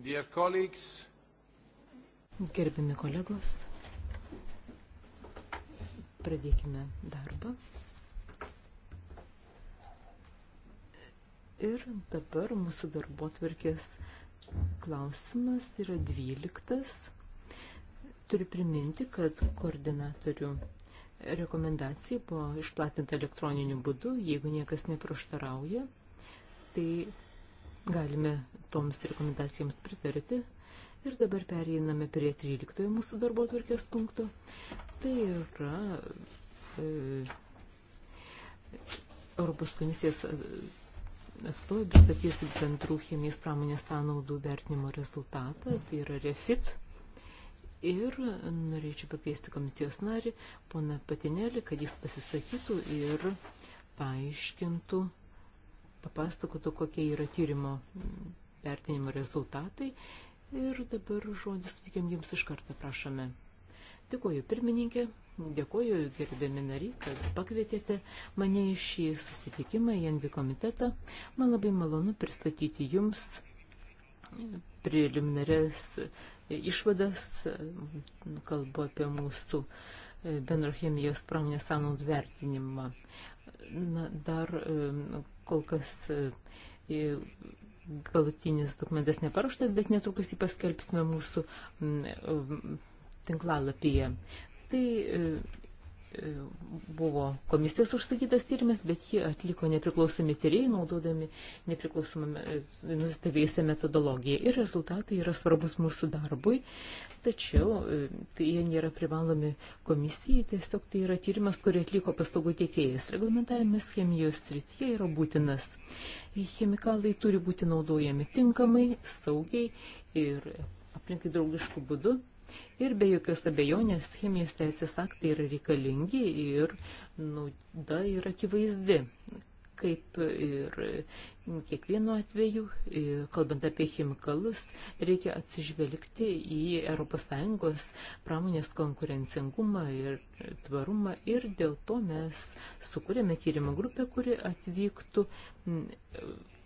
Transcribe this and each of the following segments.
Dear colleagues. Gerbiami kolegos, pradėkime darbą. Ir dabar mūsų darbo tvarkės klausimas yra dvyliktas. Turiu priminti, kad koordinatorių rekomendacija buvo išplatinta elektroniniu būdu, jeigu niekas neprieštarauja, tai Galime toms rekomendacijoms pritarti. Ir dabar pereiname prie 13 mūsų darbo tvarkės punkto. Tai yra e, Europos komisijos atstovai pristatys bendrų chemijos pramonės sąnaudų vertinimo rezultatą, tai yra refit. Ir norėčiau pakviesti komisijos narį, pona Patinėlį, kad jis pasisakytų ir paaiškintų papasakotų, kokie yra tyrimo vertinimo rezultatai. Ir dabar žodį sutikiam jums iš karto, prašome. Dėkuoju pirmininkė, dėkuoju gerbėmi nariai, kad pakvietėte mane į šį susitikimą į NV komitetą. Man labai malonu pristatyti jums preliminarias išvadas, kalbu apie mūsų bendrochemijos pramonės sąnaudų vertinimą. Na, dar kol kas e, galutinis dokumentas neparuštas, bet netrukus jį paskelbsime mūsų e, tinklalapyje. Tai e, buvo komisijos užsakytas tyrimas, bet jį atliko nepriklausomi tyrėjai, naudodami e, nusistavėjusią metodologiją. Ir rezultatai yra svarbus mūsų darbui, tačiau e, tai jie nėra privalomi komisijai, tiesiog tai yra tyrimas, kurį atliko paslaugų tiekėjas. Reglamentavimas chemijos srityje yra būtinas. Chemikalai turi būti naudojami tinkamai, saugiai ir aplinkai draugiškų būdų Ir be jokios abejonės chemijos teisės aktai yra reikalingi ir nauda yra akivaizdi, kaip ir kiekvienu atveju, e, kalbant apie chemikalus, reikia atsižvelgti į ES pramonės konkurencingumą ir tvarumą ir dėl to mes sukūrėme tyrimo grupę, kuri atvyktų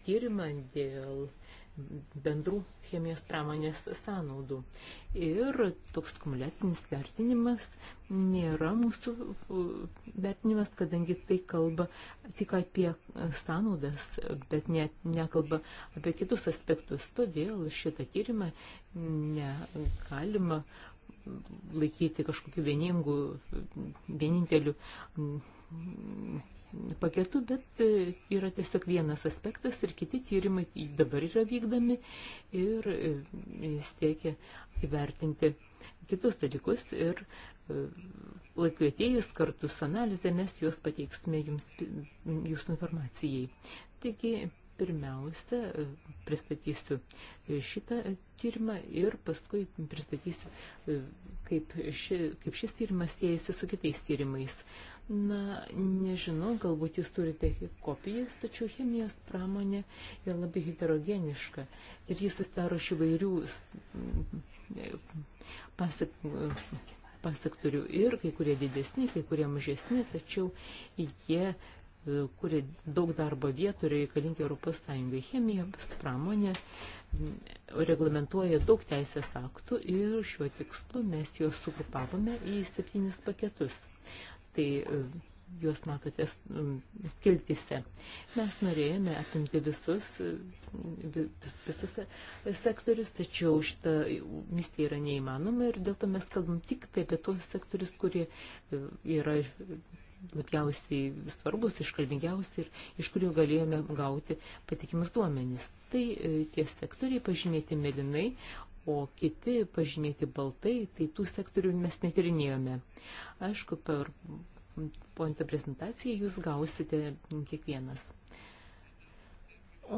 tyrimą dėl bendrų chemijos pramonės sąnaudų. Ir toks kumuliacinis vertinimas nėra mūsų vertinimas, kadangi tai kalba tik apie sąnaudas, bet ne, nekalba apie kitus aspektus. Todėl šitą tyrimą negalima laikyti kažkokiu vieningu, vieninteliu paketu, bet e, yra tiesiog vienas aspektas ir kiti tyrimai dabar yra vykdami ir e, siekia įvertinti kitus dalykus ir e, laikui atėjus kartu su analizė mes juos pateiksime jums, jūsų informacijai. Taigi, pirmiausia, pristatysiu šitą tyrimą ir paskui pristatysiu, kaip, ši, kaip šis tyrimas siejasi su kitais tyrimais. Na, nežinau, galbūt jūs turite kopijas, tačiau chemijos pramonė yra labai heterogeniška ir jis susidaro iš įvairių mm, pasak, pasaktorių ir kai kurie didesni, kai kurie mažesni, tačiau jie e, kuria daug darbo vietų reikalingi Europos Sąjungai. Chemijos pramonė mm, reglamentuoja daug teisės aktų ir šiuo tikslu mes juos sugrupavome į septynis paketus tai e, juos matote skiltise. Mes norėjome apimti visus, e, visus sektorius, tačiau šita misija yra neįmanoma ir dėl to mes kalbam tik tai apie tuos sektorius, kurie e, yra labiausiai svarbus, iškalbingiausi ir iš kurių galėjome gauti patikimus duomenys. Tai tie sektoriai pažymėti melinai, o kiti pažymėti baltai, tai tų sektorių mes netirinėjome. Aišku, per pointo prezentaciją jūs gausite kiekvienas.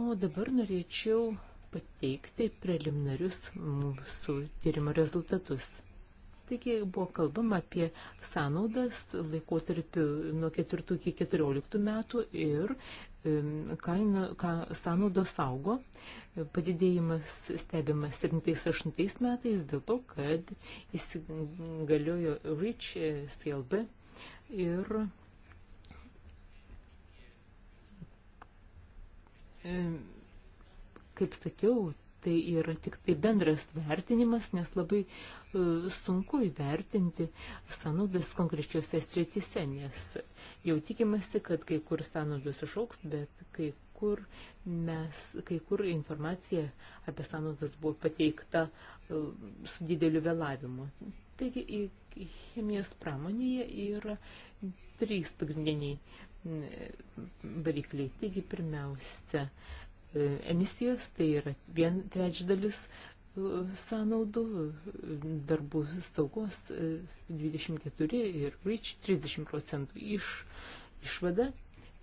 O dabar norėčiau pateikti preliminarius mūsų tyrimo rezultatus. Taigi buvo kalbama apie sąnaudas laikotarpiu nuo 4 iki 14 metų ir kaina, ka, sąnaudos augo, padidėjimas stebimas 78 metais dėl to, kad įsigaliojo REACH CLB ir kaip sakiau, tai yra tik tai bendras vertinimas, nes labai e, sunku įvertinti sąnaudas konkrečiose srityse, nes jau tikimasi, kad kai kur sąnaudos išauks, bet kai kur, mes, kai kur informacija apie sąnaudas buvo pateikta e, su dideliu vėlavimu. Taigi, chemijos pramonėje yra trys pagrindiniai mm, varikliai. Taigi, pirmiausia, e, emisijos, tai yra vien trečdalis sąnaudų, darbų saugos 24 e, ir REACH 30 procentų iš išvada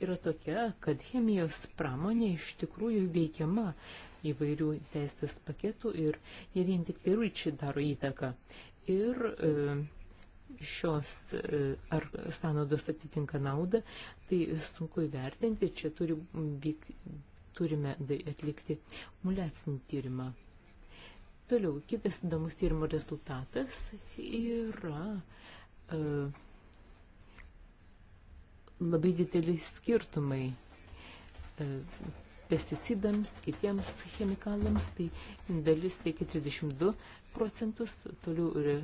yra tokia, kad chemijos pramonė iš tikrųjų veikiama įvairių teisės paketų ir ne vien tik tai REACH daro įtaką. Ir e, šios e, ar sąnaudos atitinka naudą, tai sunku įvertinti, čia turi, vyk, turime atlikti muliacinį tyrimą. Toliau, kitas įdomus tyrimo rezultatas yra e, labai dideli skirtumai e, pesticidams, kitiems chemikalams, tai dalis teikia 32 procentus, toliau re,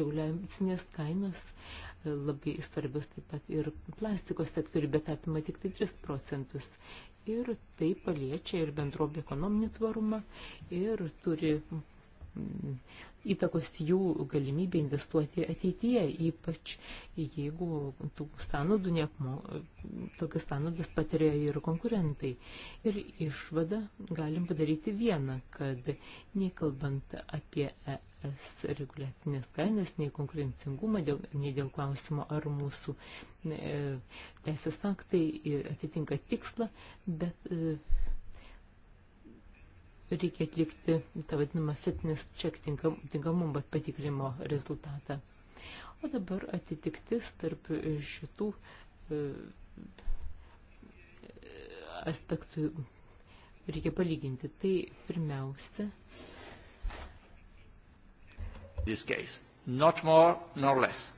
reguliacinės kainos e, labai svarbios taip pat ir plastikos sektoriui, bet apima tik tai 3 procentus ir tai paliečia ir bendrovė ekonominį tvarumą ir turi mm, įtakos jų galimybė investuoti ateityje, ypač jeigu tų sąnaudų neapmo, tokias sąnaudas patiria ir konkurentai. Ir išvada galim padaryti vieną, kad nekalbant apie reguliacinės kainas, nei konkurencingumą, dėl, nei dėl klausimo, ar mūsų e, teisės aktai atitinka tikslą, bet e, reikia atlikti tą vadinamą fitness check tinkam, tinkamumo patikrimo rezultatą. O dabar atitiktis tarp šitų e, aspektų reikia palyginti. Tai pirmiausia, this case, not more nor less.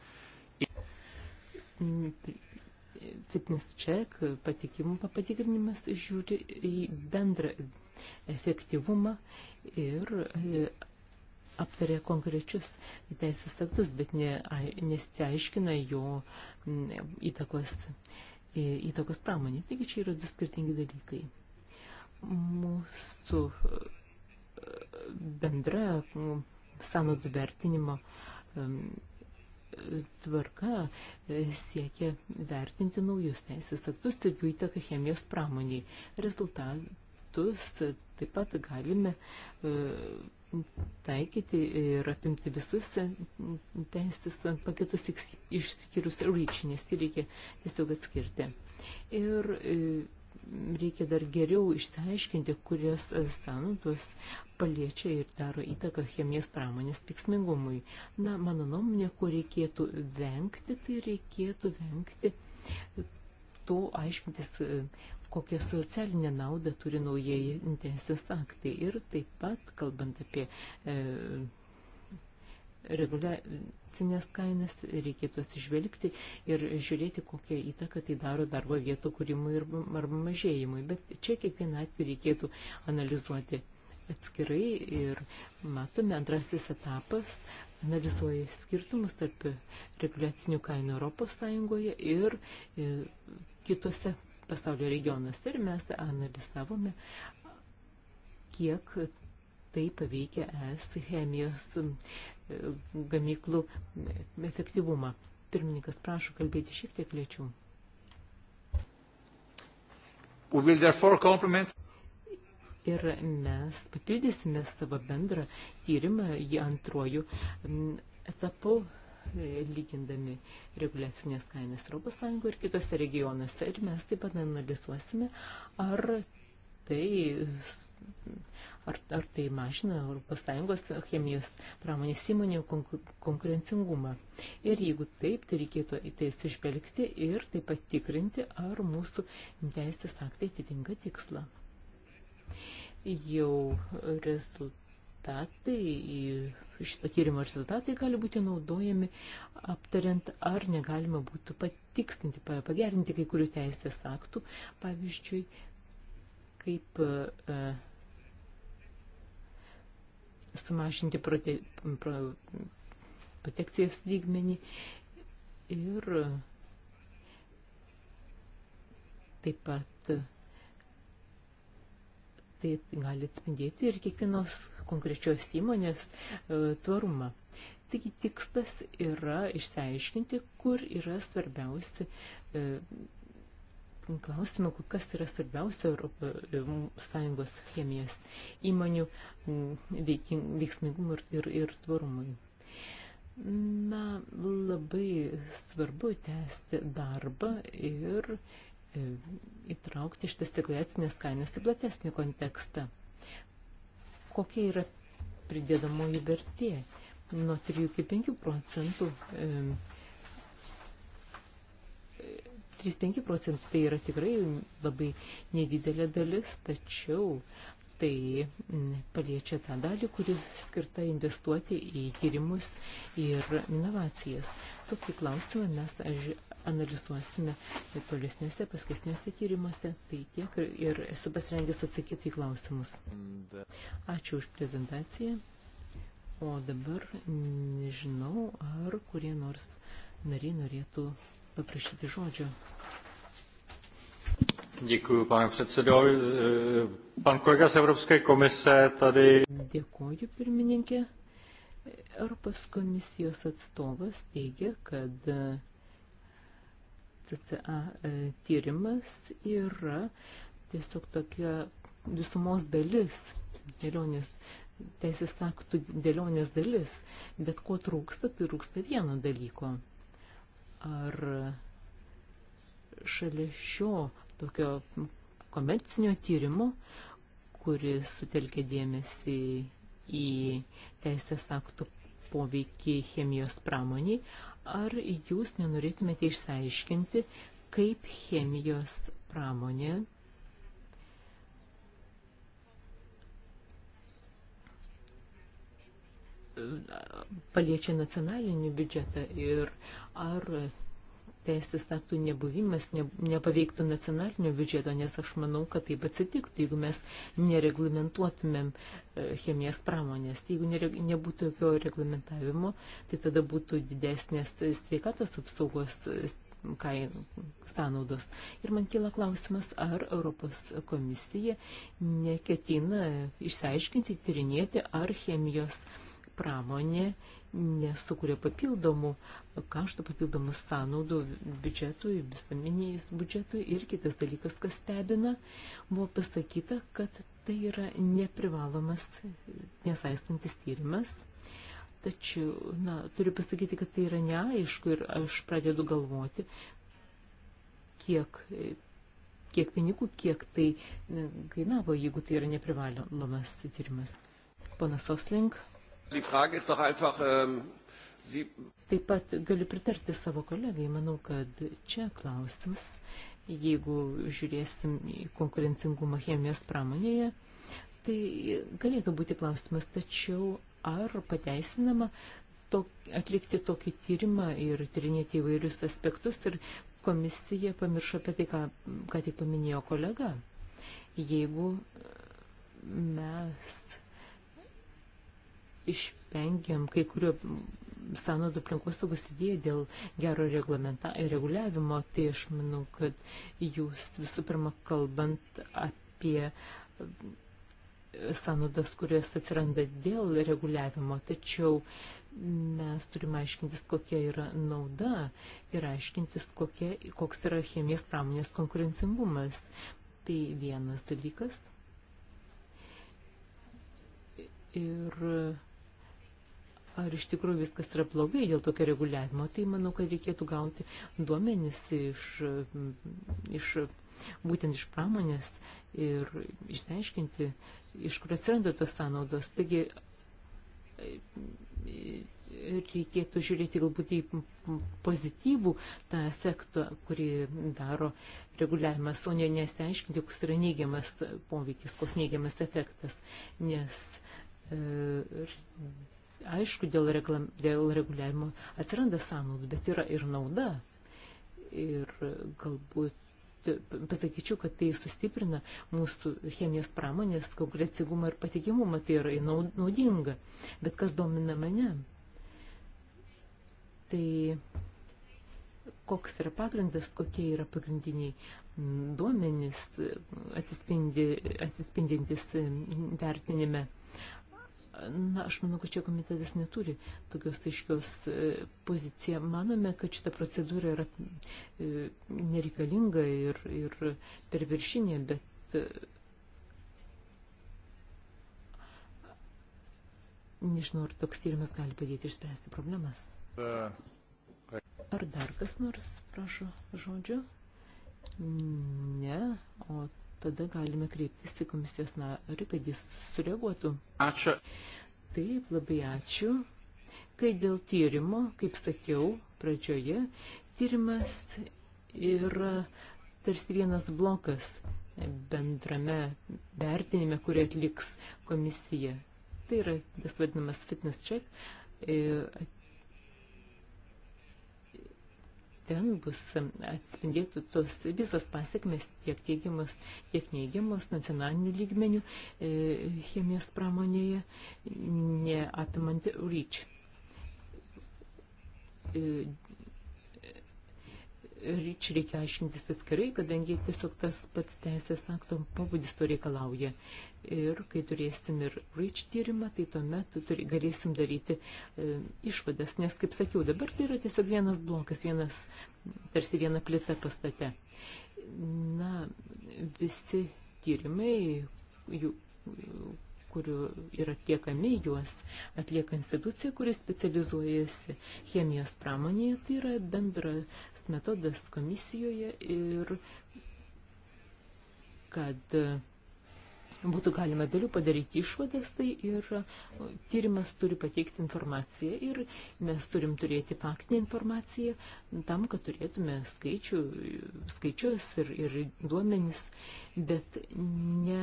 Fitness check, patikimumo patikrinimas žiūri į bendrą efektyvumą ir e, aptarė konkrečius teisės aktus, bet ne, nesiaiškina jo įtakos, e, įtakos pramonė. Taigi čia yra du skirtingi dalykai. Mūsų e, bendra sąnaudų vertinimo tvarka e, siekia vertinti naujus teisės aktus ir tai jų įtaką chemijos pramoniai. Rezultatus taip pat galime e, taikyti ir apimti visus teisės paketus išskyrus REACH, nes jį reikia tiesiog atskirti. Ir e, reikia dar geriau išsiaiškinti, kurias sąnaudos paliečia ir daro įtaką chemijos pramonės tiksmingumui. Na, mano nuomonė, ko reikėtų vengti, tai reikėtų vengti to aiškintis, kokią socialinę naudą turi naujieji teisės aktai. Ir taip pat, kalbant apie e, reguliacinės kainas, reikėtų atsižvelgti ir žiūrėti, kokią įtaką tai daro darbo vietų kūrimui arba mažėjimui. Bet čia kiekvieną atveju reikėtų analizuoti atskirai ir matome antrasis etapas analizuoja skirtumus tarp reguliacinių kainų Europos Sąjungoje ir e, kitose pasaulio regionuose ir mes analizavome, kiek tai paveikia es chemijos gamyklų efektyvumą. Pirmininkas prašo kalbėti šiek tiek lėčiau. Ir mes papildysime savo bendrą tyrimą į antrojų mm, etapų e, lygindami reguliacinės kainas Europos Sąjungoje ir kitose regionuose. Ir mes taip pat analizuosime, ar tai Ar, ar tai mažina ES chemijos pramonės įmonių konkurencingumą? Ir jeigu taip, tai reikėtų į tai atsižvelgti ir taip pat tikrinti, ar mūsų teisės aktai atitinka tikslą. Jau rezultatai rezultatai, šito tyrimo rezultatai gali būti naudojami aptariant, ar negalima būtų patikstinti, pagerinti kai kurių teisės aktų, pavyzdžiui, kaip e, sumažinti prote, pro, protekcijos lygmenį ir taip pat tai gali atspindėti ir kiekvienos konkrečios įmonės e, tvarumą. Taigi tikslas yra išsiaiškinti, kur yra svarbiausi e, klausimą, kas yra svarbiausia Europos e, Sąjungos chemijos įmonių veiksmingumui ir, ir, ir tvarumui. Na, labai svarbu tęsti darbą ir e, įtraukti šitas deklaracinės kainas į platesnį kontekstą. Kokia yra pridėdamoji vertė? Nuo 3 iki 5 procentų e, 3-5 procentai tai yra tikrai labai nedidelė dalis, tačiau tai mm, paliečia tą dalį, kuri skirta investuoti į tyrimus ir inovacijas. Tokį klausimą mes aš, analizuosime tolesniuose, paskesniuose tyrimuose. Tai tiek ir esu pasirengęs atsakyti į klausimus. Ačiū už prezentaciją. O dabar nežinau, ar kurie nors nariai norėtų paprašyti žodžio. Děkuji, pane předsedo. E, pan kolega z Evropské komise tady. Dėkuoju, pirmininkė. Europos komisijos atstovas teigia, kad CCA e, tyrimas yra tiesiog tokia visumos dalis, dėlionės teisės aktų dėlionės dalis, bet ko trūksta, tai trūksta vieno dalyko. Ar šalia šio tokio komercinio tyrimo, kuris sutelkė dėmesį į teisės aktų poveikį chemijos pramoniai, ar jūs nenorėtumėte išsiaiškinti, kaip chemijos pramonė paliečia nacionalinį biudžetą ir ar teisės aktų nebuvimas ne, nepaveiktų nacionalinio biudžeto, nes aš manau, kad taip atsitiktų, jeigu mes nereglamentuotumėm e, chemijos pramonės. Jeigu nere, nebūtų jokio reglamentavimo, tai tada būtų didesnės sveikatos apsaugos e, sąnaudos. Ir man kyla klausimas, ar Europos komisija neketina išsiaiškinti, tyrinėti, ar chemijos pramonės pramonė nesukuria papildomų kaštų, papildomų sąnaudų biudžetui, visuomenijais biudžetui. Ir kitas dalykas, kas stebina, buvo pasakyta, kad tai yra neprivalomas, nesaistantis tyrimas. Tačiau, na, turiu pasakyti, kad tai yra neaišku ir aš pradedu galvoti, kiek kiek pinigų, kiek tai e, kainavo, jeigu tai yra neprivalomas tyrimas. Panas Oslink. Ähm, Taip pat galiu pritarti savo kolegai. Manau, kad čia klausimas, jeigu žiūrėsim į konkurencingumą chemijos pramonėje, tai galėtų būti klausimas, tačiau ar pateisinama tok, atlikti tokį tyrimą ir tyrinėti įvairius aspektus ir komisija pamiršo apie tai, ką, ką tik paminėjo kolega. Jeigu mes išvengiam kai kurių sąnaudų aplinkosaugos idėja dėl gero reguliavimo, tai aš manau, kad jūs visų pirma kalbant apie sąnaudas, kurios atsiranda dėl reguliavimo, tačiau mes turime aiškintis, kokia yra nauda ir aiškintis, kokia, koks yra chemijos pramonės konkurencingumas. Tai vienas dalykas. Ir ar iš tikrųjų viskas yra blogai dėl tokio reguliavimo, tai manau, kad reikėtų gauti duomenis iš, iš būtent iš pramonės ir išsiaiškinti, iš kur atsiranda tos sąnaudos. Taigi reikėtų žiūrėti galbūt į pozityvų tą efektą, kurį daro reguliavimas, o ne nesiaiškinti, koks yra neigiamas poveikis, koks neigiamas efektas, nes e, aišku, dėl, reglam, dėl reguliavimo atsiranda sąnaudų, bet yra ir nauda. Ir galbūt pasakyčiau, kad tai sustiprina mūsų chemijos pramonės konkurencingumą ir patikimumą, tai yra naudinga. Bet kas domina mane, tai koks yra pagrindas, kokie yra pagrindiniai duomenys atsispindi, atsispindintis vertinime. Na, aš manau, kad čia komitetas neturi tokios aiškios e, poziciją. Manome, kad šita procedūra yra e, nereikalinga ir, ir perviršinė, bet e, nežinau, ar toks tyrimas gali padėti išspręsti problemas. Ar dar kas nors prašo žodžio? Ne, o tada galime kreiptis į komisijos narį, kad jis sureaguotų. Ačiū. Taip, labai ačiū. Kai dėl tyrimo, kaip sakiau pradžioje, tyrimas yra tarsi vienas blokas bendrame vertinime, kurį atliks komisija. Tai yra tas vadinamas fitness check, e, ten bus atspindėtų tos visos pasiekmes tiek teigiamos, tiek neigiamos nacionalinių lygmenių e, chemijos pramonėje, neapimant ryč. E, ryč reikia aiškintis atskirai, kadangi tiesiog tas pats teisės akto pabudis to reikalauja ir kai turėsim ir REACH tyrimą, tai tuomet turi, galėsim daryti e, išvadas, nes, kaip sakiau, dabar tai yra tiesiog vienas blokas, vienas, tarsi viena plita pastate. Na, visi tyrimai, jų, kurių yra atliekami juos, atlieka institucija, kuris specializuojasi chemijos pramonėje, tai yra bendras metodas komisijoje ir kad būtų galima vėliau padaryti išvadas, tai ir e, tyrimas turi pateikti informaciją ir mes turim turėti faktinę informaciją tam, kad turėtume skaičių, skaičius ir, ir duomenis, bet ne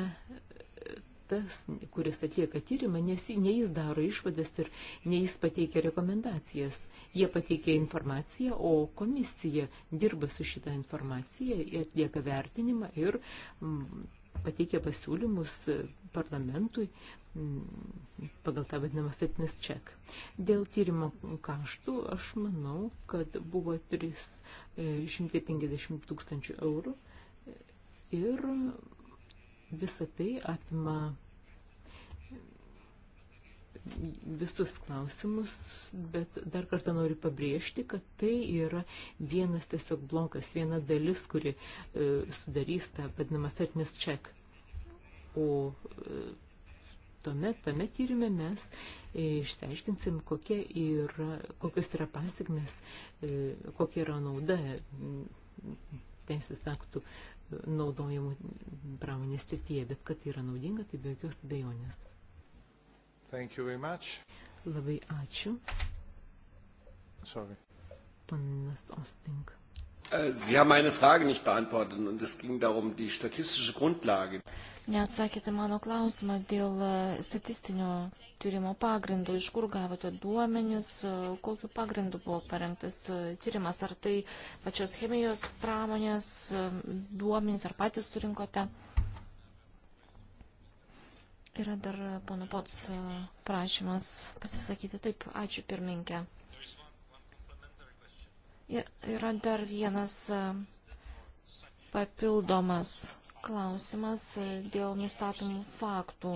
tas, kuris atlieka tyrimą, nes ne jis daro išvadas ir ne jis pateikia rekomendacijas. Jie pateikia informaciją, o komisija dirba su šitą informaciją, atlieka vertinimą ir mm, pateikė pasiūlymus parlamentui mm, pagal tą vadinamą fitness check. Dėl tyrimo kaštų aš manau, kad buvo 350 e, tūkstančių eurų ir visa tai apima visus klausimus, bet dar kartą noriu pabrėžti, kad tai yra vienas tiesiog blokas, viena dalis, kuri e, sudarys tą vadinamą fitness check. O e, tuomet, tame tyrimė mes e, išsiaiškinsim, kokie yra, kokios yra pasiekmes, e, kokia yra nauda teisės aktų e, naudojimų pramonės srityje, bet kad tai yra naudinga, tai be jokios abejonės. Labai ačiū. Sorry. Panas Ostink. Äh, Sie haben meine Frage nicht beantwortet und es ging darum, die statistische Grundlage. Neatsakėte mano klausimą dėl äh, statistinio tyrimo pagrindų, iš kur gavote duomenis, äh, kokiu pagrindu buvo parengtas tyrimas, ar tai pačios chemijos pramonės duomenys, ar patys surinkote. Uh, Yra dar pono Pots e, prašymas pasisakyti. Taip, ačiū pirminkė. Ir yra dar vienas e, papildomas klausimas e, dėl nustatomų faktų.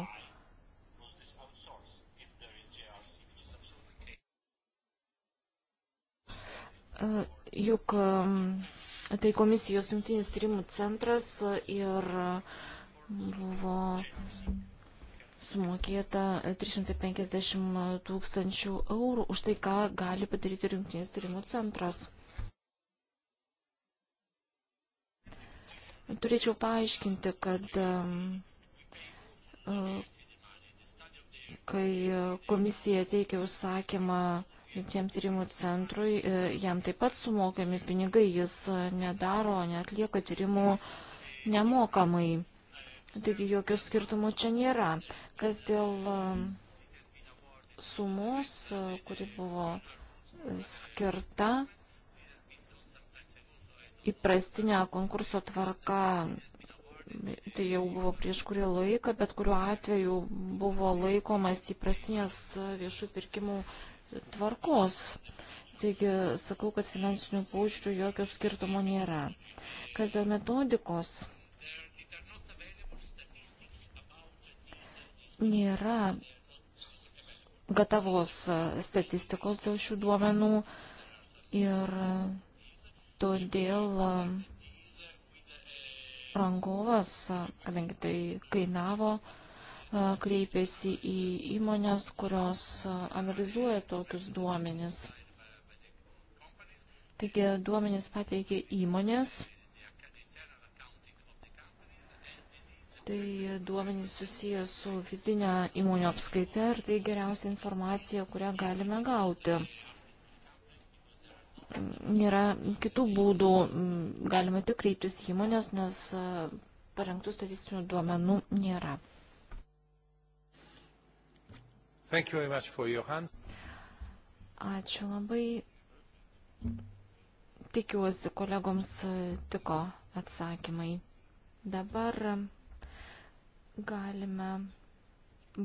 Juk tai komisijos jungtinis tyrimų centras ir buvo sumokėta 350 tūkstančių eurų už tai, ką gali padaryti rinktinės tyrimų centras. Turėčiau paaiškinti, kad e, kai komisija teikia užsakymą Jungtiniam tyrimų centrui, e, jam taip pat sumokami pinigai, jis nedaro, netlieka tyrimų nemokamai. Taigi jokių skirtumų čia nėra. Kas dėl e, sumos, e, kuri buvo skirta įprastinė konkurso tvarka, tai jau buvo prieš kurį laiką, bet kuriuo atveju buvo laikomas įprastinės viešų pirkimų tvarkos. Taigi sakau, kad finansinių paušrių jokio skirtumo nėra. Kas dėl metodikos, nėra gatavos statistikos dėl šių duomenų ir todėl rangovas, kadangi tai kainavo, kreipėsi į įmonės, kurios analizuoja tokius duomenis. Taigi duomenis pateikė įmonės Tai duomenys susijęs su vidinė įmonių apskaita ir tai geriausia informacija, kurią galime gauti. Nėra kitų būdų, galima tik kreiptis įmonės, nes parengtų statistinių duomenų nėra. Ačiū labai. Tikiuosi, kolegoms tiko atsakymai. Dabar galime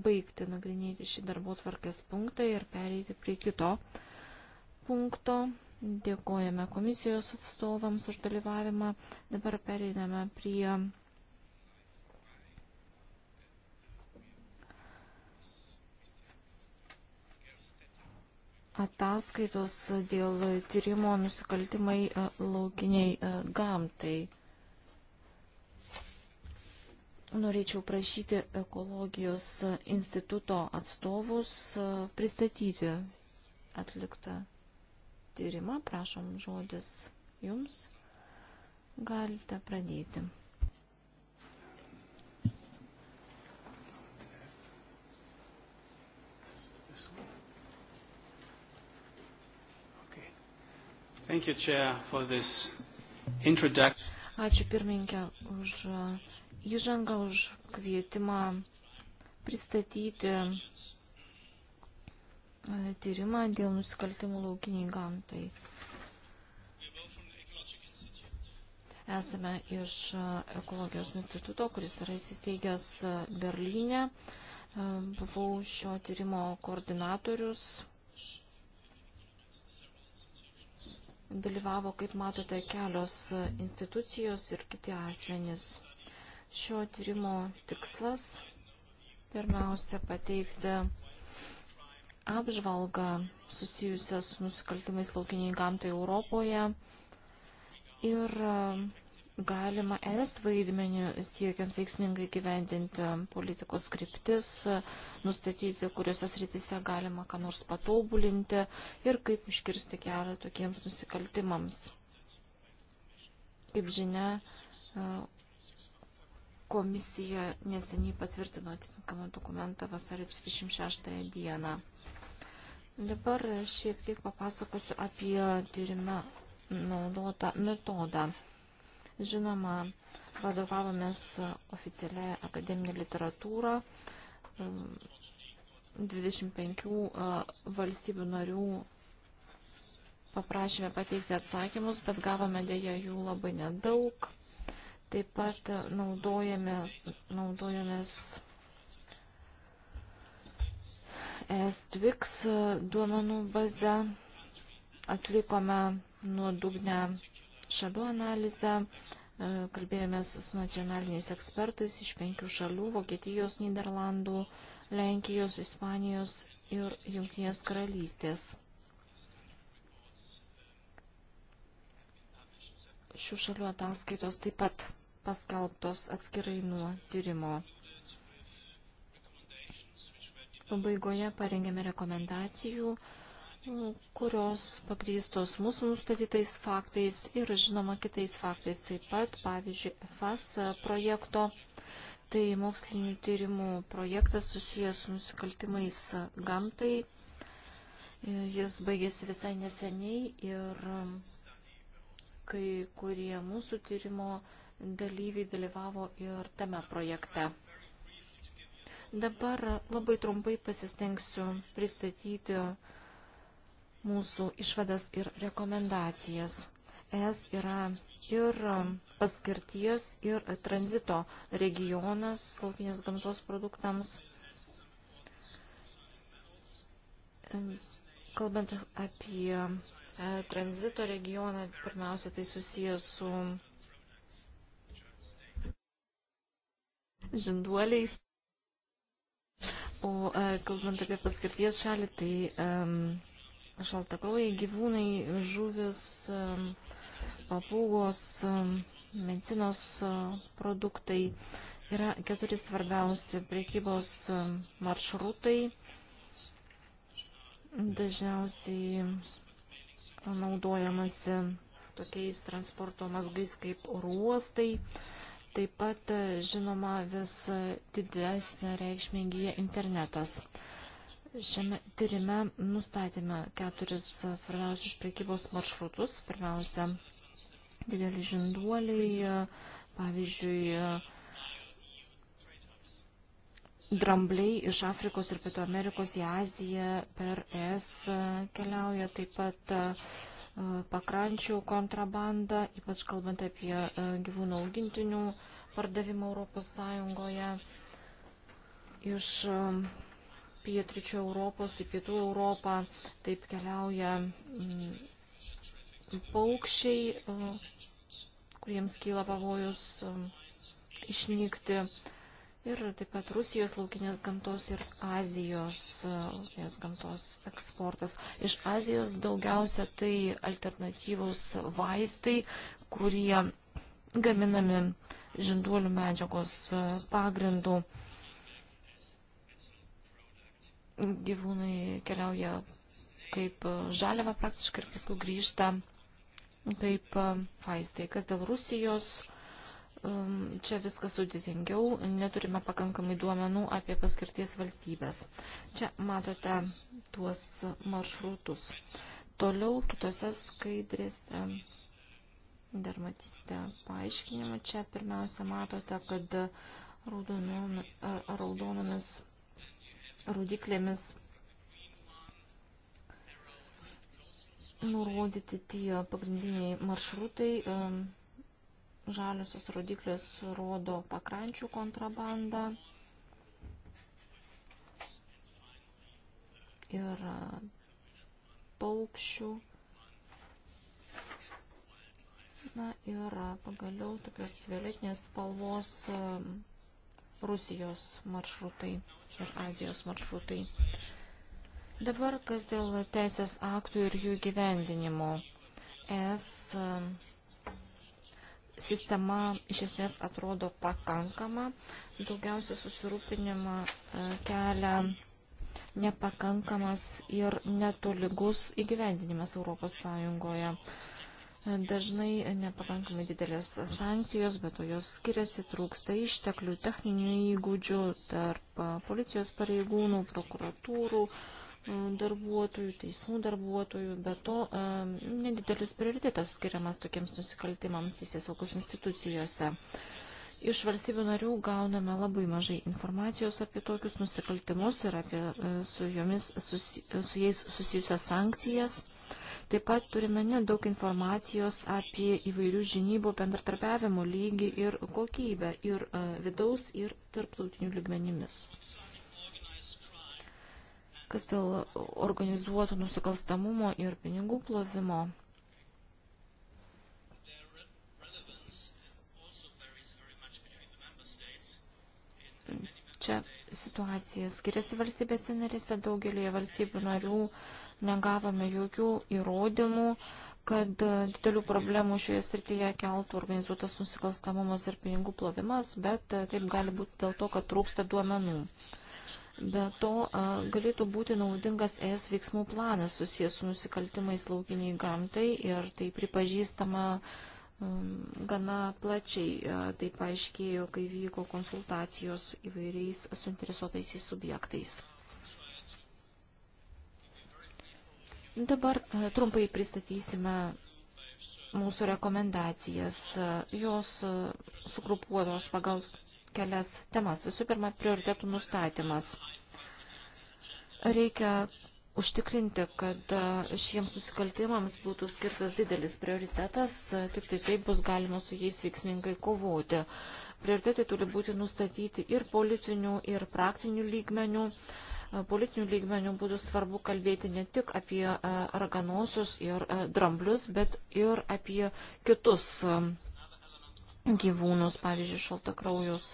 baigti nagrinėti šį darbo tvarkės punktą ir pereiti prie kito punkto. Dėkojame komisijos atstovams už dalyvavimą. Dabar pereiname prie ataskaitos dėl tyrimo nusikaltimai e, laukiniai e, gamtai. Norėčiau prašyti ekologijos instituto atstovus e, pristatyti atliktą tyrimą. Prašom žodis jums. Galite pradėti. Thank you, Chair, for this introduction. Ačiū pirmininkė už įžangą, už kvietimą pristatyti e, tyrimą dėl nusikaltimų laukiniai gamtai. Esame iš e, ekologijos instituto, kuris yra įsisteigęs e, Berlyne. Buvau šio tyrimo koordinatorius. Dalyvavo, kaip matote, kelios institucijos ir kiti asmenys. Šio tyrimo tikslas pirmiausia pateikti apžvalgą susijusią su nusikaltimais laukiniai gamtai Europoje ir e, galima es vaidmenį siekiant veiksmingai gyvendinti politikos kryptis, nustatyti, kuriuose srityse galima ką nors patobulinti ir kaip užkirsti kelią tokiems nusikaltimams. Kaip žinia, e, Komisija neseniai patvirtino atitinkamą dokumentą vasario 26 dieną. Dabar šiek tiek papasakosiu apie tyrimą naudotą metodą. Žinoma, vadovavomės oficialią akademinę literatūrą 25 um, uh, valstybių narių paprašėme pateikti atsakymus, bet gavome dėja jų labai nedaug. Taip pat naudojamės, naudojamės S2X duomenų bazę, atlikome nuodugnę šalių analizę, e, kalbėjomės su nacionaliniais ekspertais iš penkių šalių - Vokietijos, Niderlandų, Lenkijos, Ispanijos ir Junktinės karalystės. Šių šalių ataskaitos taip pat paskelbtos atskirai nuo tyrimo. Pabaigoje parengėme rekomendacijų, kurios pagrystos mūsų nustatytais faktais ir žinoma kitais faktais taip pat, pavyzdžiui, FAS projekto. Tai mokslinių tyrimų projektas susijęs su nusikaltimais gamtai. Jis baigėsi visai neseniai ir kai kurie mūsų tyrimo uh, dalyviai dalyvavo ir tame projekte. Dabar labai trumpai pasistengsiu pristatyti mūsų išvadas ir rekomendacijas. ES yra ir paskirties, ir tranzito regionas laukinės gamtos produktams. Kalbant apie tranzito regioną, pirmiausia, tai susijęs su žinduoliais. O e, kalbant apie paskirties šalį, tai um, šaltakraujai gyvūnai, žuvis, um, papūgos, um, medicinos uh, produktai yra keturi svarbiausi priekybos um, maršrutai. Dažniausiai naudojamasi tokiais transporto mazgais kaip ruostai. Uh, Taip pat, žinoma, vis didesnė reikšmė įgyja internetas. Šiame tyrime nustatėme keturis svarbiausius prekybos maršrutus. Pirmiausia, dideli žinduoliai, pavyzdžiui, drambliai iš Afrikos ir Pietų Amerikos į Aziją per ES keliauja, taip pat pakrančių kontrabandą, ypač kalbant apie gyvūnų augintinių pardavimą Europos Sąjungoje iš pietričių Europos į pietų Europą, taip keliauja paukščiai, kuriems kyla pavojus išnykti ir taip pat Rusijos laukinės gamtos ir Azijos laukinės gamtos eksportas. Iš Azijos daugiausia tai alternatyvus vaistai, kurie gaminami žinduolių medžiagos pagrindų gyvūnai keliauja kaip žaliava praktiškai ir paskui grįžta kaip vaistai. Kas dėl Rusijos Ehm, čia viskas sudėtingiau, neturime pakankamai duomenų apie paskirties valstybės. Čia matote tuos maršrutus. Toliau kitose skaidrėse dar matysite paaiškinimą. Čia pirmiausia matote, kad raudonomis raudiklėmis nurodyti tie pagrindiniai maršrutai ehm, žaliosios rodiklės rodo pakrančių kontrabandą. Ir e, paukščių. Na ir e, pagaliau tokios violetinės spalvos e, Rusijos maršrutai ir Azijos maršrutai. Dabar kas dėl teisės aktų ir jų gyvendinimo. Es sistema iš esmės atrodo pakankama. Daugiausia susirūpinimą e, kelia nepakankamas ir netolygus įgyvendinimas ES. E, dažnai nepakankamai didelės sankcijos, bet to jos skiriasi, trūksta išteklių, techninių įgūdžių tarp policijos pareigūnų, prokuratūrų, uh, E, darbuotojų, teismų darbuotojų, bet to e, nedidelis prioritetas skiriamas tokiems nusikaltimams teisės saugos institucijose. Iš valstybių narių gauname labai mažai informacijos apie tokius nusikaltimus ir apie e, su, jomis, susi, su jais susijusias sankcijas. Taip pat turime nedaug informacijos apie įvairių žinybų bendratarpiavimo lygį ir kokybę ir vidaus ir tarptautinių lygmenimis. Kas dėl organizuotų nusikalstamumo ir pinigų plovimo. Čia situacija skiriasi valstybėse narėse, daugelį valstybių narių negavome jokių įrodymų, kad didelių problemų šioje srityje keltų organizuotas nusikalstamumas ir pinigų plovimas, bet taip gali būti dėl to, kad trūksta duomenų. Be to galėtų būti naudingas ES veiksmų planas susijęs su nusikaltimais laukiniai gamtai ir tai pripažįstama um, gana plačiai. Tai paaiškėjo, kai vyko konsultacijos įvairiais suinteresuotais subjektais. Dabar trumpai pristatysime mūsų rekomendacijas. Jos sugrupuotos pagal kelias temas. Visų pirma, prioritėtų nustatymas. Reikia užtikrinti, kad e, šiems nusikaltimams būtų skirtas didelis prioritetas, e, tik tai taip bus galima su jais veiksmingai kovoti. Prioritetai turi būti nustatyti ir politinių, ir praktinių lygmenių. E, politinių lygmenių būtų svarbu kalbėti ne tik apie raganosius ir dramblius, bet ir apie kitus gyvūnus, pavyzdžiui, šaltakraujus.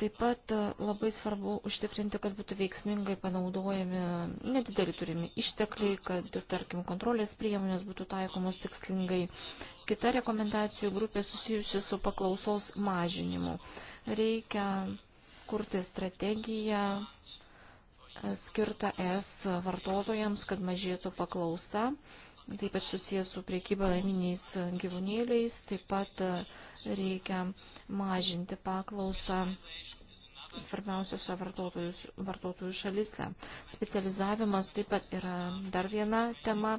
Taip pat e, labai svarbu užtikrinti, kad būtų veiksmingai panaudojami nedideli turimi ištekliai, kad, tarkim, kontrolės priemonės būtų taikomos tikslingai. Kita rekomendacijų grupė susijusi su paklausos mažinimu. Reikia kurti strategiją e, skirtą es vartotojams, kad mažėtų paklausa taip pat susijęs su priekyba laiminiais gyvūnėliais, taip pat e, reikia mažinti paklausą svarbiausiose vartotojų šalise. Specializavimas taip pat yra dar viena tema.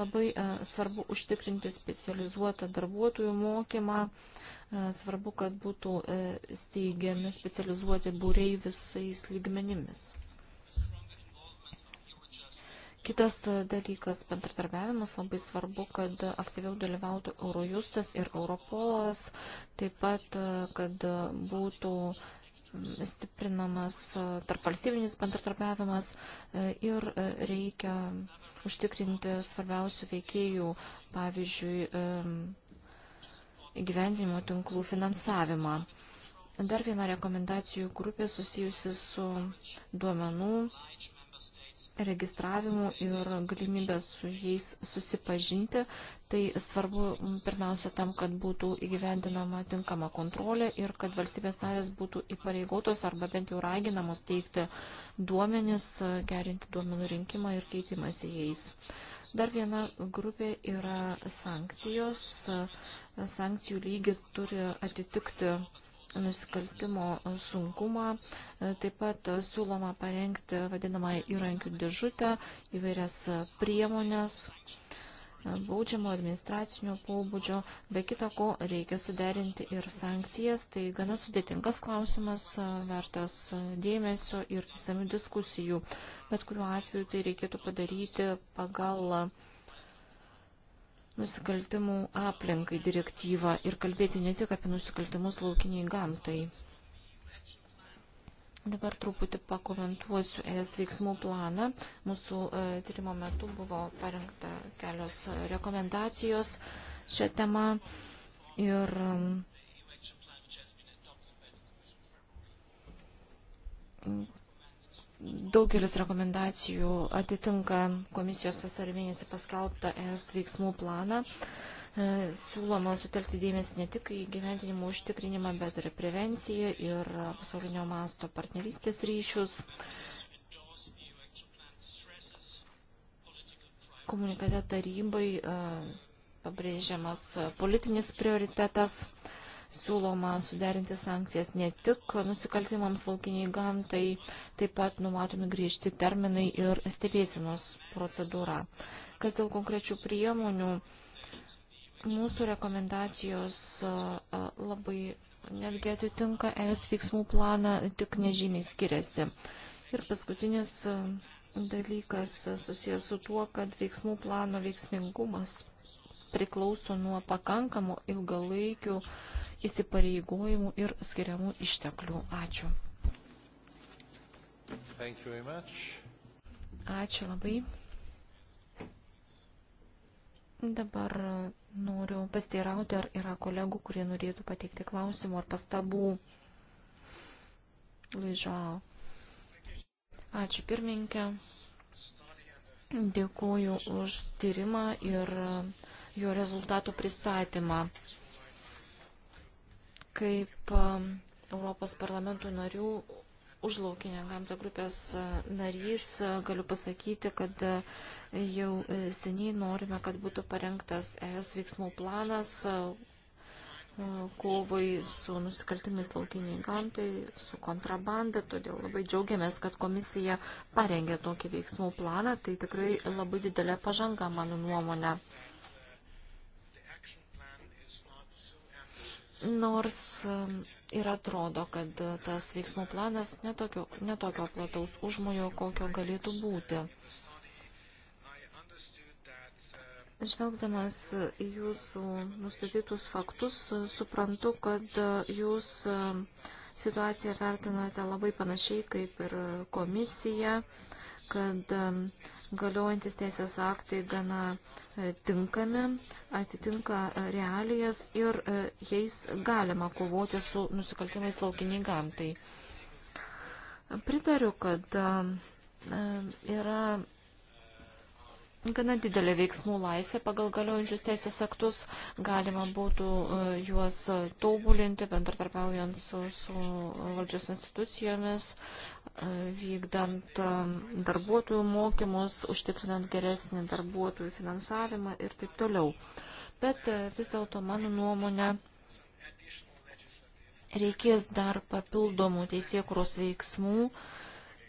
Labai e, svarbu užtikrinti specializuotą darbuotojų mokymą. E, svarbu, kad būtų steigiami specializuoti būrei visais lygmenimis. Kitas e, dalykas - bendradarbiavimas. Labai svarbu, kad aktyviau dalyvautų Eurojustas ir Europolas, taip pat, e, kad būtų stiprinamas e, tarpvalstybinis bendradarbiavimas ir reikia užtikrinti svarbiausių veikėjų, pavyzdžiui, įgyvendinimo tinklų finansavimą. Dar viena rekomendacijų grupė susijusi su duomenų registravimu ir galimybę su jais susipažinti. Tai svarbu pirmiausia tam, kad būtų įgyvendinama tinkama kontrolė ir kad valstybės narės būtų įpareigotos arba bent jau raginamos teikti duomenis, gerinti duomenų rinkimą ir keitimąsi jais. Dar viena grupė yra sankcijos. Sankcijų lygis turi atitikti nusikaltimo sunkumą. Taip pat siūloma parengti vadinamą įrankių dėžutę, įvairias priemonės baudžiamo administracinio pobūdžio, be kita ko reikia suderinti ir sankcijas. Tai gana sudėtingas klausimas, vertas dėmesio ir visamių diskusijų. Bet kuriuo atveju tai reikėtų padaryti pagal uh, nusikaltimų aplinkai direktyvą ir kalbėti ne tik apie nusikaltimus laukiniai gamtai. Dabar truputį pakomentuosiu ES veiksmų planą. Mūsų e, tyrimo metu buvo parengta kelios rekomendacijos šią temą ir Daugelis rekomendacijų atitinka komisijos vasarį mėnesį paskelbtą ES veiksmų planą. E, siūloma sutelkti dėmesį ne tik į gyventinimo užtikrinimą, bet ir prevenciją ir pasaulinio masto partnerystės ryšius. Komunikate tarybai e, pabrėžiamas politinis prioritetas siūloma suderinti sankcijas ne tik nusikaltimams laukiniai gamtai, taip pat numatomi griežti terminai ir stebėsinos procedūra. Kas dėl konkrečių priemonių, mūsų rekomendacijos labai netgi atitinka ES veiksmų planą, tik nežymiai skiriasi. Ir paskutinis dalykas susijęs su tuo, kad veiksmų plano veiksmingumas priklauso nuo pakankamų ilgalaikių įsipareigojimų ir skiriamų išteklių. Ačiū. Ačiū labai. Dabar noriu pasteirauti, ar yra kolegų, kurie norėtų pateikti klausimų ar pastabų. Laižau. Ačiū pirmininkė. Dėkuoju už tyrimą ir uh, jo rezultatų pristatymą. Kaip um, Europos parlamento narių užlaukinė gamta grupės uh, narys, uh, galiu pasakyti, kad uh, jau seniai norime, kad būtų parengtas ES veiksmų planas kovai su nusikaltimais laukiniai gamtai, su kontrabanda, todėl labai džiaugiamės, kad komisija parengė tokį veiksmų planą, tai tikrai labai didelė pažanga, mano nuomonė. nors ir atrodo, kad tas veiksmų planas netokio, netokio plataus užmojo, kokio galėtų būti. Žvelgdamas į jūsų nustatytus faktus, suprantu, kad jūs situaciją vertinate labai panašiai kaip ir komisija kad galiojantis teisės aktai gana e, tinkami, atitinka e, realijas ir e, jais galima kovoti su nusikaltimais laukiniai gamtai. Pritariu, kad yra gana didelė veiksmų laisvė pagal galiojančius teisės aktus. Galima būtų e, juos tobulinti, bendratarpiaujant su, su valdžios institucijomis, e, vykdant e, darbuotojų mokymus, užtikrinant geresnį darbuotojų finansavimą ir taip toliau. Bet vis dėlto mano nuomonė. Reikės dar papildomų teisėkuros veiksmų, uh,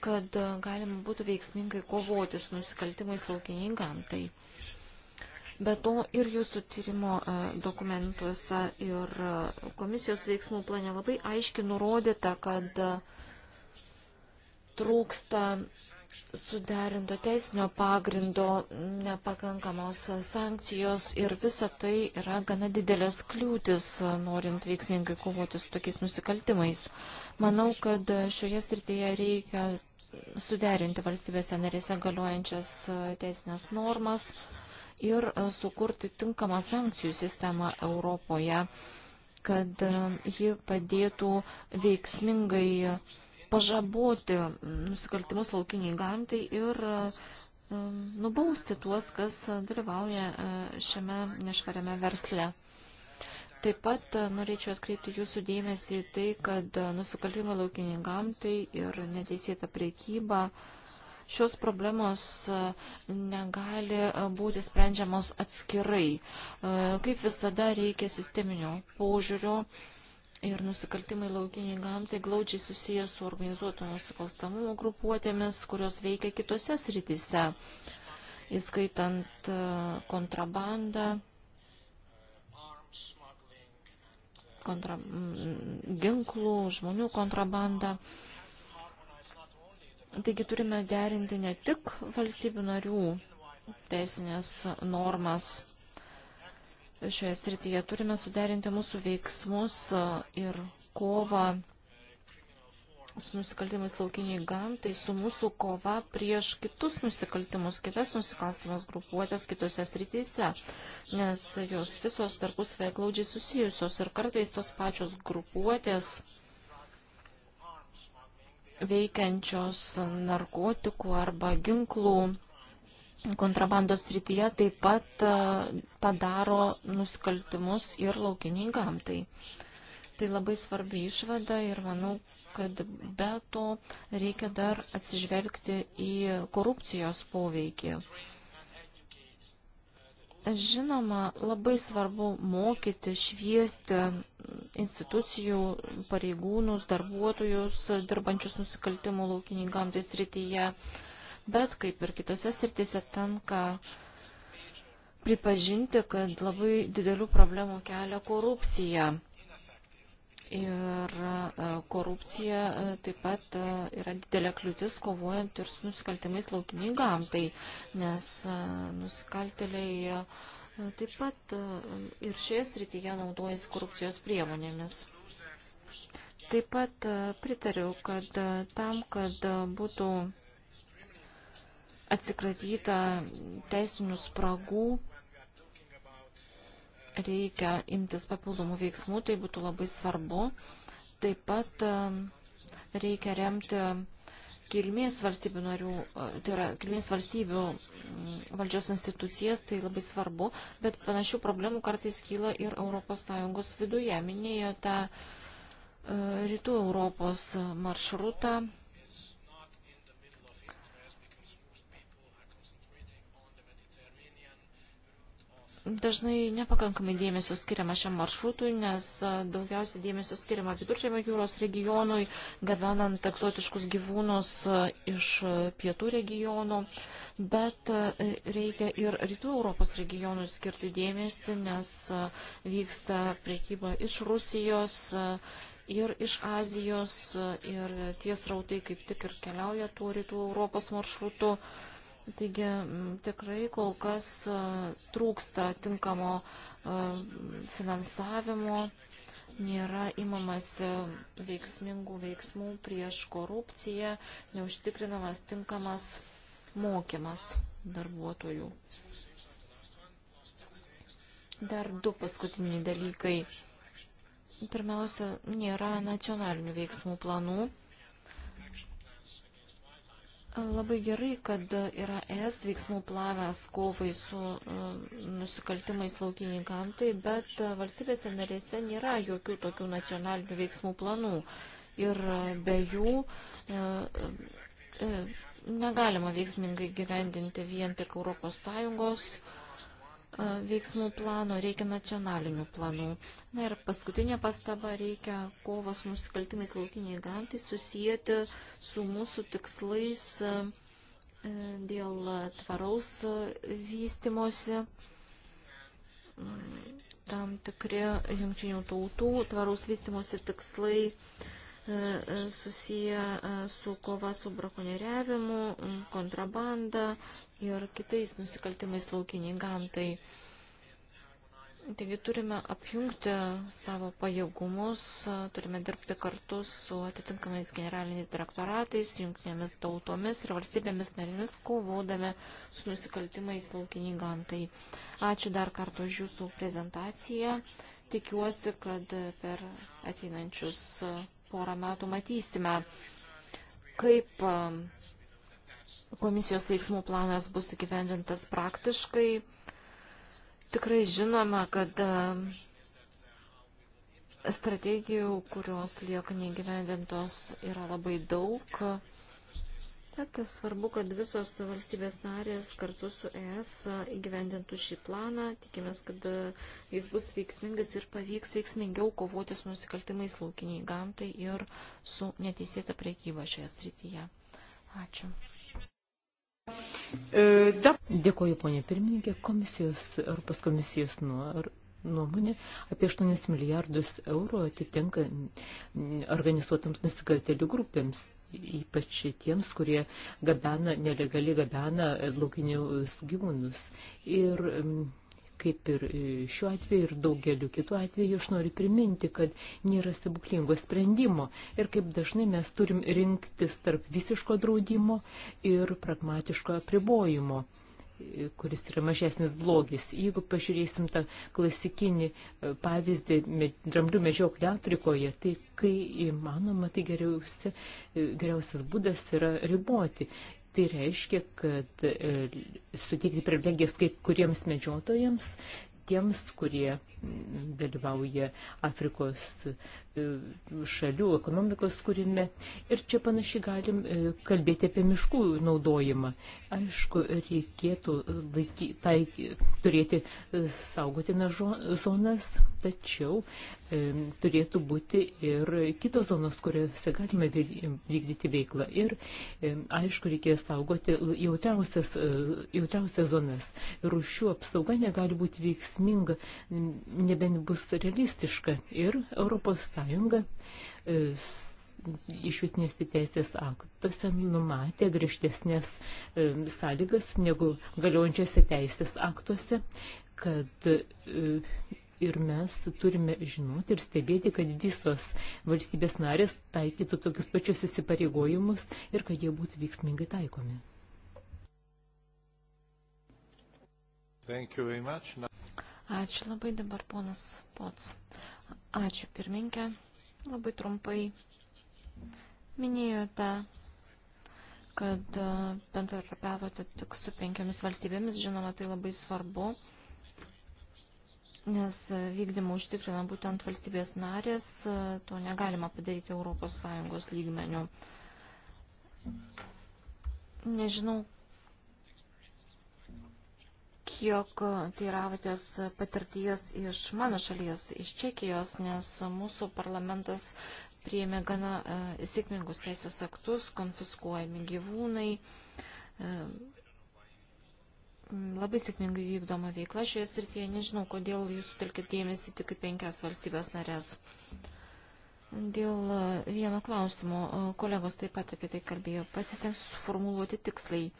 kad galima būtų veiksmingai kovoti su nusikaltimais laukiniai gamtai. Be to ir jūsų tyrimo e, dokumentuose ir e, komisijos veiksmų plane labai aiškiai nurodyta, kad e, trūksta suderinto teisinio pagrindo, nepakankamos sankcijos ir visa tai yra gana didelės kliūtis, norint veiksmingai kovoti su tokiais nusikaltimais. Manau, kad šioje srityje reikia suderinti valstybėse narėse galiojančias e, teisinės normas ir e, sukurti tinkamą sankcijų sistemą Europoje, kad e, ji padėtų veiksmingai pažaboti nusikaltimus laukiniai gamtai ir nubausti tuos, kas dalyvauja šiame nešvariame versle. Taip pat e, norėčiau atkreipti jūsų dėmesį į tai, kad e, nusikaltimai laukininkam tai ir neteisėta priekyba šios problemos e, negali būti sprendžiamos atskirai. Kaip visada reikia sisteminio požiūrio. Ir nusikaltimai laukiniai gamtai glaudžiai susijęs su organizuotų nusikalstamumo grupuotėmis, kurios veikia kitose sritise, įskaitant kontrabandą, kontra, mm, ginklų, žmonių kontrabandą. Taigi turime derinti ne tik valstybių narių teisinės normas šioje srityje, turime suderinti mūsų veiksmus ir kovą su nusikaltimais laukiniai gamtai, su mūsų kova prieš kitus nusikaltimus, kitas nusikalstamas grupuotės kitose srityse, nes jos visos tarpusavėje glaudžiai susijusios ir kartais tos pačios grupuotės veikiančios narkotikų arba ginklų kontrabandos srityje taip pat e, padaro nusikaltimus ir laukiniai gamtai. Tai labai svarbi išvada ir manau, kad be to reikia dar atsižvelgti į korupcijos poveikį. Žinoma, labai svarbu mokyti, šviesti institucijų, pareigūnus, darbuotojus, dirbančius nusikaltimų laukiniai gamtai srityje, bet kaip ir kitose srityse tenka pripažinti, kad labai didelių problemų kelia korupcija. Ir e, korupcija e, taip pat e, yra didelė kliūtis kovojant ir su nusikaltimais laukiniai gamtai, nes nusikaltėliai taip pat ir šioje srityje naudojasi korupcijos priemonėmis. Taip pat pritariu, kad tam, kad būtų atsikratyta teisinių spragų, reikia imtis papildomų veiksmų, tai būtų labai svarbu. Taip pat e, reikia remti kilmės valstybių narių, e, tai yra kilmės valstybių mm, valdžios institucijas, tai labai svarbu, bet panašių problemų kartais kyla ir ES viduje. Minėjote e, rytų Europos maršrutą, dažnai nepakankamai dėmesio skiriama šiam maršrutui, nes daugiausiai dėmesio skiriama viduržėmio jūros regionui, gabenant egzotiškus gyvūnus iš pietų regionų, bet reikia ir rytų Europos regionui skirti dėmesį, nes vyksta priekyba iš Rusijos. Ir iš Azijos, ir tie srautai kaip tik ir keliauja tuo rytų Europos maršrutu. Uh, Taigi tikrai kol kas trūksta tinkamo finansavimo, nėra imamasi veiksmingų veiksmų prieš korupciją, neužtikrinamas tinkamas mokymas darbuotojų. Dar du paskutiniai dalykai. Pirmiausia, nėra nacionalinių veiksmų planų Labai gerai, kad yra ES veiksmų planas kovai su e, nusikaltimais laukininkams, bet e, valstybėse narėse nėra jokių tokių nacionalinių veiksmų planų ir e, be jų negalima veiksmingai gyvendinti vien tik ES veiksmų plano, reikia nacionalinių planų. Na ir paskutinė pastaba, reikia kovos nusikaltimais laukiniai gamtai susijęti su mūsų tikslais e, dėl tvaraus vystimosi. Tam tikri jungtinių tautų tvaraus vystimosi tikslai E, e, susiję e, su kova su brakonieriavimu, kontrabanda ir kitais nusikaltimais laukiniai gamtai. Taigi turime apjungti savo pajėgumus, turime dirbti kartu su atitinkamais generaliniais direktoratais, jungtinėmis tautomis ir valstybėmis narėmis, kovodami su nusikaltimais laukiniai gamtai. Ačiū dar kartą už jūsų prezentaciją. Tikiuosi, kad per ateinančius porą metų matysime, kaip um, komisijos veiksmų planas bus įgyvendintas praktiškai. Tikrai žinome, kad um, strategijų, kurios lieka neįgyvendintos, yra labai daug. Bet tai svarbu, kad visos valstybės narės kartu su ES įgyvendintų šį planą. Tikimės, kad jis bus veiksmingas ir pavyks veiksmingiau kovoti su nusikaltimais laukiniai gamtai ir su neteisėta priekyba šioje srityje. Ačiū. E, Dėkoju, ponė pirmininkė, komisijos, Europos komisijos nuor nuomonė apie 8 milijardus eurų atitenka organizuotams nusikaltelių grupėms ypač tiems, kurie gabena, nelegaliai gabena laukinius gyvūnus. Ir mm, kaip ir e, šiuo atveju ir daugeliu kitų atveju, aš noriu priminti, kad nėra stebuklingo sprendimo ir kaip dažnai mes turim rinktis tarp visiško draudimo ir pragmatiško apribojimo kuris yra mažesnis blogis. Jeigu pažiūrėsim tą klasikinį e, pavyzdį dramblių medžioklį Afrikoje, tai kai įmanoma, tai geriausia, e, geriausias būdas yra riboti. Tai reiškia, kad e, suteikti privilegijas kai kuriems medžiotojams, tiems, kurie dalyvauja Afrikos e, šalių ekonomikos kūrime. Ir čia panašiai galim e, kalbėti apie miškų naudojimą. Aišku, reikėtų laiky, taik, turėti e, saugotiną zonas, tačiau e, turėtų būti ir kitos zonos, kuriuose galime vykdyti veiklą. Ir e, aišku, reikės saugoti jautriausias, jautriausias zonas. Rūšių apsauga negali būti veiksminga nebent bus realistiška ir Europos Sąjunga e, išvisnėsti teisės aktuose numatė griežtesnės e, sąlygas negu galiojančiose teisės aktuose, kad e, ir mes turime žinoti ir stebėti, kad visos valstybės narės taikytų tokius pačius įsipareigojimus ir kad jie būtų veiksmingai taikomi. Now... Ačiū labai dabar ponas Pots. Ačiū pirminkė. Labai trumpai minėjote, kad e, bendratarpiavote tik su penkiomis valstybėmis. Žinoma, tai labai svarbu, nes e, vykdymą užtikrina būtent valstybės narės. E, to negalima padaryti ES lygmenių. Nežinau, jog teiravotės patirties iš mano šalies, iš Čekijos, nes mūsų parlamentas priėmė gana e, sėkmingus teisės aktus, konfiskuojami gyvūnai. E, labai sėkmingai vykdoma veikla šioje srityje. Nežinau, kodėl jūs sutelkit dėmesį tik į penkias valstybės narės. Dėl e, vieno klausimo, kolegos taip pat apie tai kalbėjo, pasistengsiu suformuluoti tiksliai.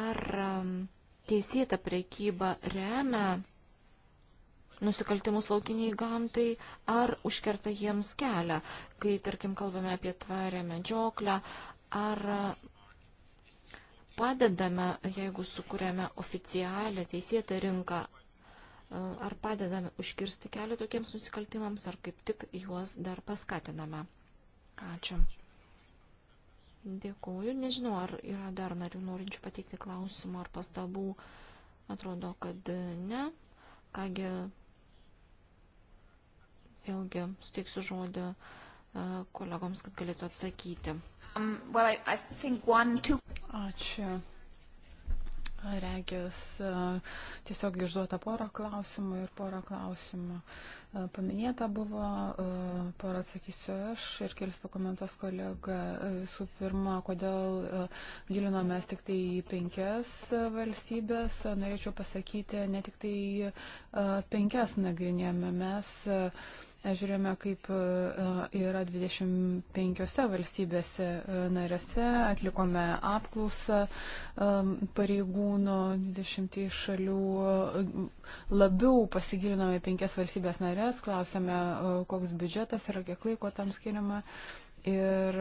Ar um, teisėta prekyba remia nusikaltimus laukiniai gamtai ar užkerta jiems kelią, kai, tarkim, kalbame apie tvarę medžioklę, ar padedame, jeigu sukūrėme oficialią teisėtą rinką, ar padedame užkirsti kelią tokiems nusikaltimams, ar kaip tik juos dar paskatiname. Ačiū. Dėkuoju. Nežinau, ar yra dar narių norinčių pateikti klausimą ar pastabų. Atrodo, kad ne. Kągi, vėlgi, suteiksiu žodį e, kolegoms, kad galėtų atsakyti. Um, well, I, I think one, two... Ačiū. Regis e, tiesiog išduota porą klausimų ir porą klausimų e, paminėta buvo, e, porą atsakysiu aš ir kelis pakomentos kolega. Visų pirma, kodėl gilinomės tik tai į penkias valstybės, norėčiau pasakyti, ne tik tai penkias nagrinėjame mes. mes žiūrėjome, kaip e, yra 25 valstybėse e, narėse, atlikome apklausą e, pareigūnų 20 šalių, labiau pasigilinome penkias valstybės narės, klausėme, koks biudžetas yra, kiek laiko tam skiriama. Ir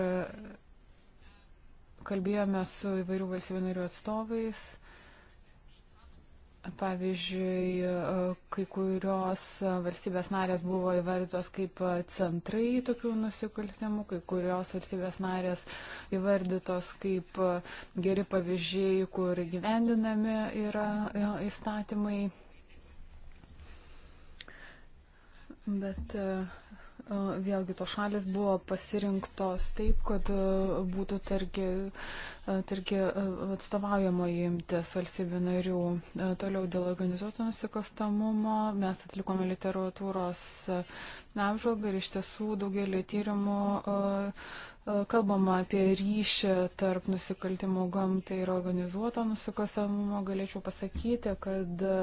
kalbėjome su įvairių valstybių narių atstovais Pavyzdžiui, e, kai kurios valstybės narės buvo įvardytos kaip centrai tokių nusikaltimų, kai kurios valstybės narės įvardytos kaip geri pavyzdžiai, kur gyvendinami yra e, įstatymai. Bet e, Vėlgi tos šalis buvo pasirinktos taip, kad būtų targi, targi atstovaujamoji imtis valstybių narių. Toliau dėl organizuoto nusikastamumo mes atlikome literatūros apžvalgą ir iš tiesų daugelį tyrimų E, kalbama apie ryšį tarp nusikaltimų gamtai ir organizuoto nusikasamumo, galėčiau pasakyti, kad e,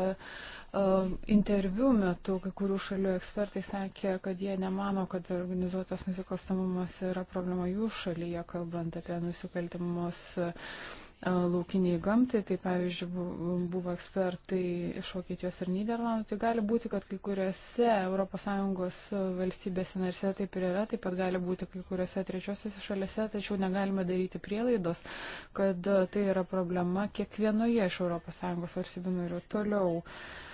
interviu metu kai kurių šalių ekspertai sakė, kad jie nemano, kad organizuotas nusikalstamumas yra problema jų šalyje, kalbant apie nusikaltimus laukiniai gamtai, tai pavyzdžiui buvo ekspertai iš Vokietijos ir Niderlandų, tai gali būti, kad kai kuriuose ES valstybėse narse taip ir yra, taip pat gali būti kai kuriuose trečiosiuose šalise, tačiau negalime daryti prielaidos, kad tai yra problema kiekvienoje iš ES valstybių narių. Toliau. Uh,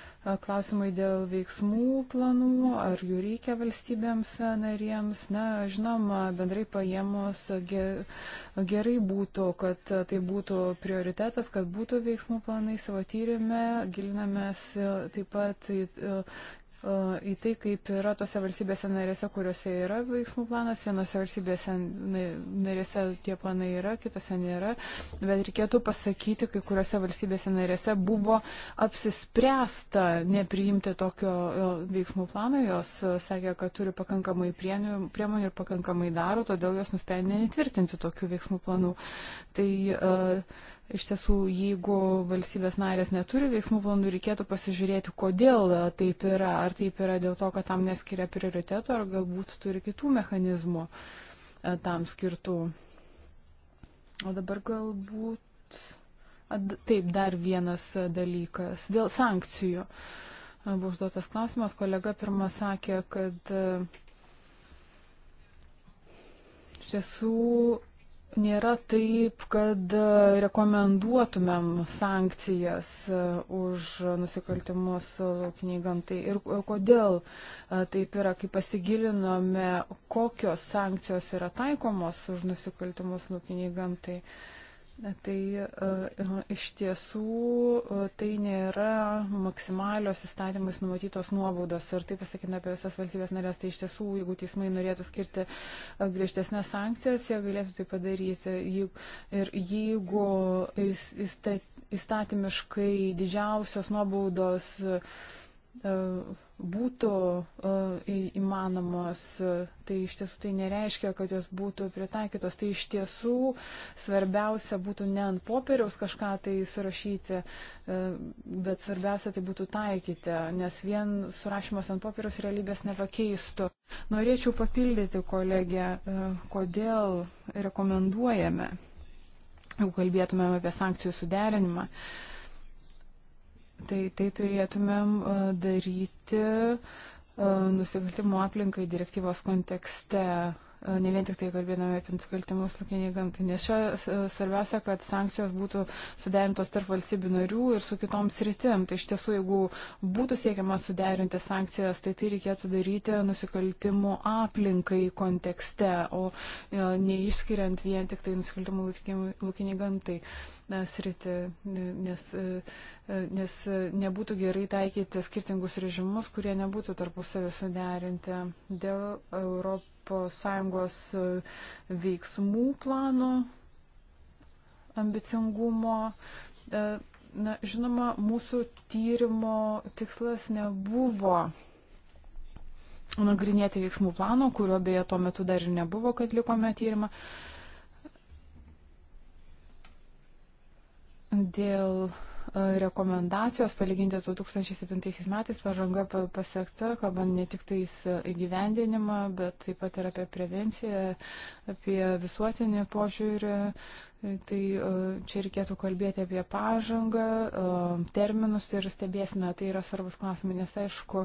klausimai dėl veiksmų planų, ar jų reikia valstybėms narėms. Na, žinoma, bendrai paėmus gerai būtų, kad tai būtų prioritetas, kad būtų veiksmų planai savo tyrimė. Gilinamės taip pat į į tai, kaip yra tose valstybėse narėse, kuriuose yra veiksmų planas. Vienose valstybėse narėse tie planai yra, kitose nėra. Bet reikėtų pasakyti, kai kuriuose valstybėse narėse buvo apsispręsta nepriimti tokio veiksmų plano. Jos sakė, kad turi pakankamai priemonių ir pakankamai daro, todėl jos nusprendė netvirtinti tokių veiksmų planų. Tai, uh, Iš tiesų, jeigu valstybės narės neturi veiksmų planų, reikėtų pasižiūrėti, kodėl taip yra. Ar taip yra dėl to, kad tam neskiria prioriteto, ar galbūt turi kitų mechanizmų e, tam skirtų. O dabar galbūt. Taip, dar vienas dalykas. Dėl sankcijų. E, buvo užduotas klausimas, kolega pirmą sakė, kad e, iš tiesų Nėra taip, kad e, rekomenduotumėm sankcijas e, už nusikaltimus laukiniai e, gamtai. Ir kodėl taip yra, kai pasigilinome, kokios sankcijos yra taikomos už nusikaltimus laukiniai nu, gamtai. Uh, Tai e, e, iš tiesų e, tai nėra maksimalios įstatymais numatytos nuobaudos. Ir tai pasakyti apie visas valstybės narės, tai iš tiesų, jeigu teismai norėtų skirti griežtesnės sankcijas, jie galėtų tai padaryti. Ir jeigu įstatymiškai didžiausios nuobaudos E, būtų e, įmanomos, tai iš tiesų tai nereiškia, kad jos būtų pritaikytos. Tai iš tiesų svarbiausia būtų ne ant popieriaus kažką tai surašyti, e, bet svarbiausia tai būtų taikyti, nes vien surašymas ant popieriaus realybės nepakeistų. Norėčiau papildyti kolegę, kodėl rekomenduojame, jeigu kalbėtumėm apie sankcijų suderinimą. Uh, Tai, tai turėtumėm e, daryti e, nusikaltimo aplinkai direktyvos kontekste e, ne vien tik tai kalbėdami apie nusikaltimus laukiniai gamtai, nes čia svarbiausia, kad sankcijos būtų suderintos tarp valstybių narių ir su kitom sritim. Tai iš tiesų, jeigu būtų siekiama suderinti sankcijas, tai tai reikėtų daryti nusikaltimų aplinkai kontekste, o neišskiriant vien tik tai nusikaltimų laukiniai gamtai. Uh, sritį, nes, e, e, nes nebūtų gerai taikyti skirtingus režimus, kurie nebūtų tarpusavį suderinti. Dėl ES e, veiksmų plano ambicingumo na, žinoma, mūsų tyrimo tikslas nebuvo nagrinėti veiksmų plano, kurio beje tuo metu dar ir nebuvo, kad likome tyrimą. Dėl e, rekomendacijos palyginti 2007 metais pažanga pasiekta, kalbant ne tik tais e, įgyvendinimą, bet taip pat ir apie prevenciją, apie visuotinį požiūrį. E, tai čia reikėtų kalbėti apie pažangą, terminus ir stebėsime, tai yra svarbus klausimai, nes aišku,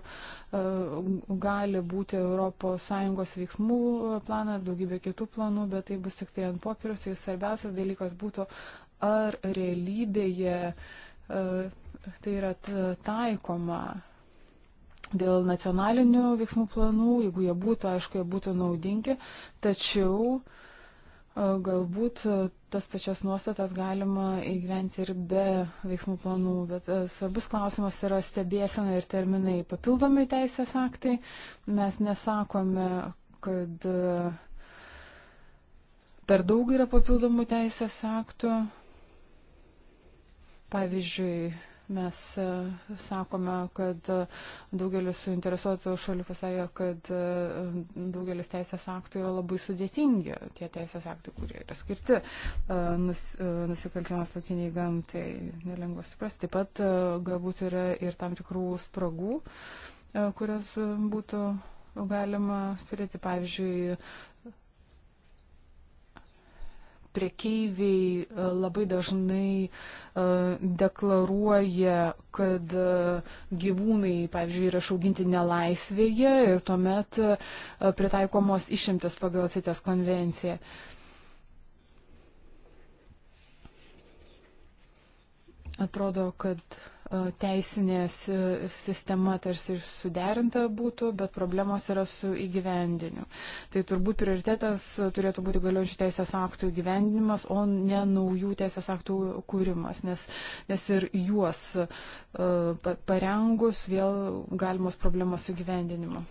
gali būti ES veiksmų planas, daugybė kitų planų, bet tai bus tik tai ant popieriaus, tai svarbiausias dalykas būtų ar realybėje e, tai yra taikoma dėl nacionalinių veiksmų planų, jeigu jie būtų, aišku, jie būtų naudingi, tačiau e, galbūt e, tas pačias nuostatas galima įgyventi ir be veiksmų planų, bet svarbus klausimas yra stebėsena ir terminai. Papildomi teisės aktai mes nesakome, kad per daug yra papildomų teisės aktų, Pavyzdžiui, mes e, sakome, kad e, daugelis suinteresuotų šalių pasakė, kad e, daugelis teisės aktų yra labai sudėtingi, tie teisės aktai, kurie yra skirti nus, nusikaltimams lakiniai gamtai, nelengva suprasti. Taip pat galbūt yra ir tam tikrų spragų, kurias būtų galima turėti, pavyzdžiui, priekeiviai e, labai dažnai e, deklaruoja, kad e, gyvūnai, pavyzdžiui, yra išauginti nelaisvėje ir tuomet pritaikomos išimtis pagal CITES konvenciją. Atrodo, kad E, teisinė sistema tarsi suderinta būtų, bet problemos yra su įgyvendiniu. Tai turbūt prioritetas turėtų būti galiojančių teisės aktų įgyvendinimas, o ne naujų teisės aktų kūrimas, nes, nes ir juos e, parengus vėl galimos problemos su įgyvendinimu.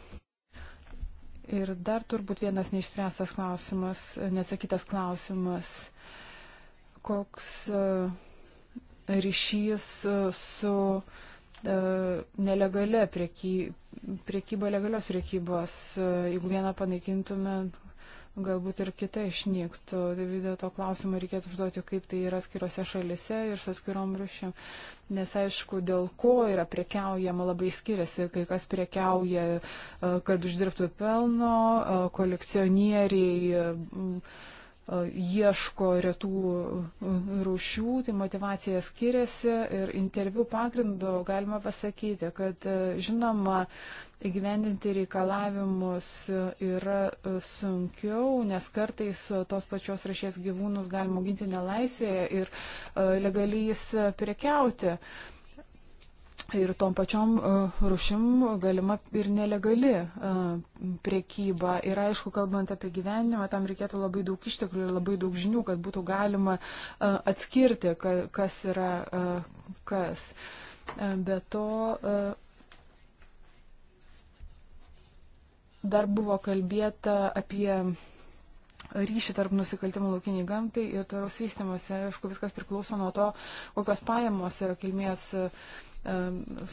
Ir dar turbūt vienas neišspręstas klausimas, nesakytas klausimas, koks uh, ryšys e, su e, nelegalia prieky, priekyba, legalios priekybos. E, jeigu vieną panaikintume, galbūt ir kita išnyktų. Tai vis dėlto klausimą reikėtų užduoti, kaip tai yra skiriose šalise ir su skirom rušim. Nes aišku, dėl ko yra prekiaujama labai skiriasi. Kai kas prekiauja, kad uždirbtų pelno, kolekcionieriai E, ieško retų e, rūšių, tai motivacija skiriasi ir interviu pagrindu galima pasakyti, kad e, žinoma, įgyvendinti reikalavimus yra sunkiau, nes kartais tos pačios rašės gyvūnus galima auginti nelaisvėje ir legaliai jis prekiauti ir tom pačiom e, rušim galima ir nelegali e, priekyba. Ir aišku, kalbant apie gyvenimą, tam reikėtų labai daug išteklių ir labai daug žinių, kad būtų galima e, atskirti, kas yra kas. Be to, dar buvo kalbėta apie ryšį tarp nusikaltimų laukiniai gamtai ir tvaraus vystimuose. Aišku, viskas priklauso nuo to, kokios pajamos yra kilmės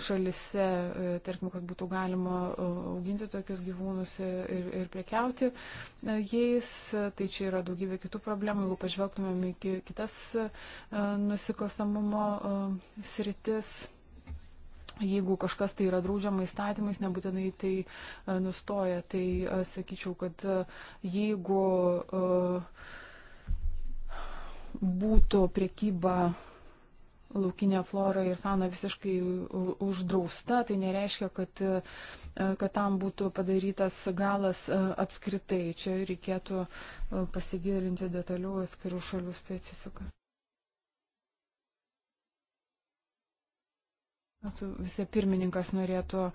šalise, e, tarkim, kad būtų galima e, auginti tokius gyvūnus ir, ir prekiauti e, jais. Tai čia yra daugybė kitų problemų. Jeigu pažvelgtumėm į kitas nusikalstamumo sritis. Jeigu kažkas tai yra draudžiama įstatymais, nebūtinai tai nustoja. Tai sakyčiau, kad jeigu būtų priekyba uh, laukinė flora ir fauna visiškai uždrausta, tai nereiškia, kad, e, kad tam būtų padarytas galas e, apskritai. Čia reikėtų e, pasigilinti detaliau atskirų šalių specifiką. Visi pirmininkas norėtų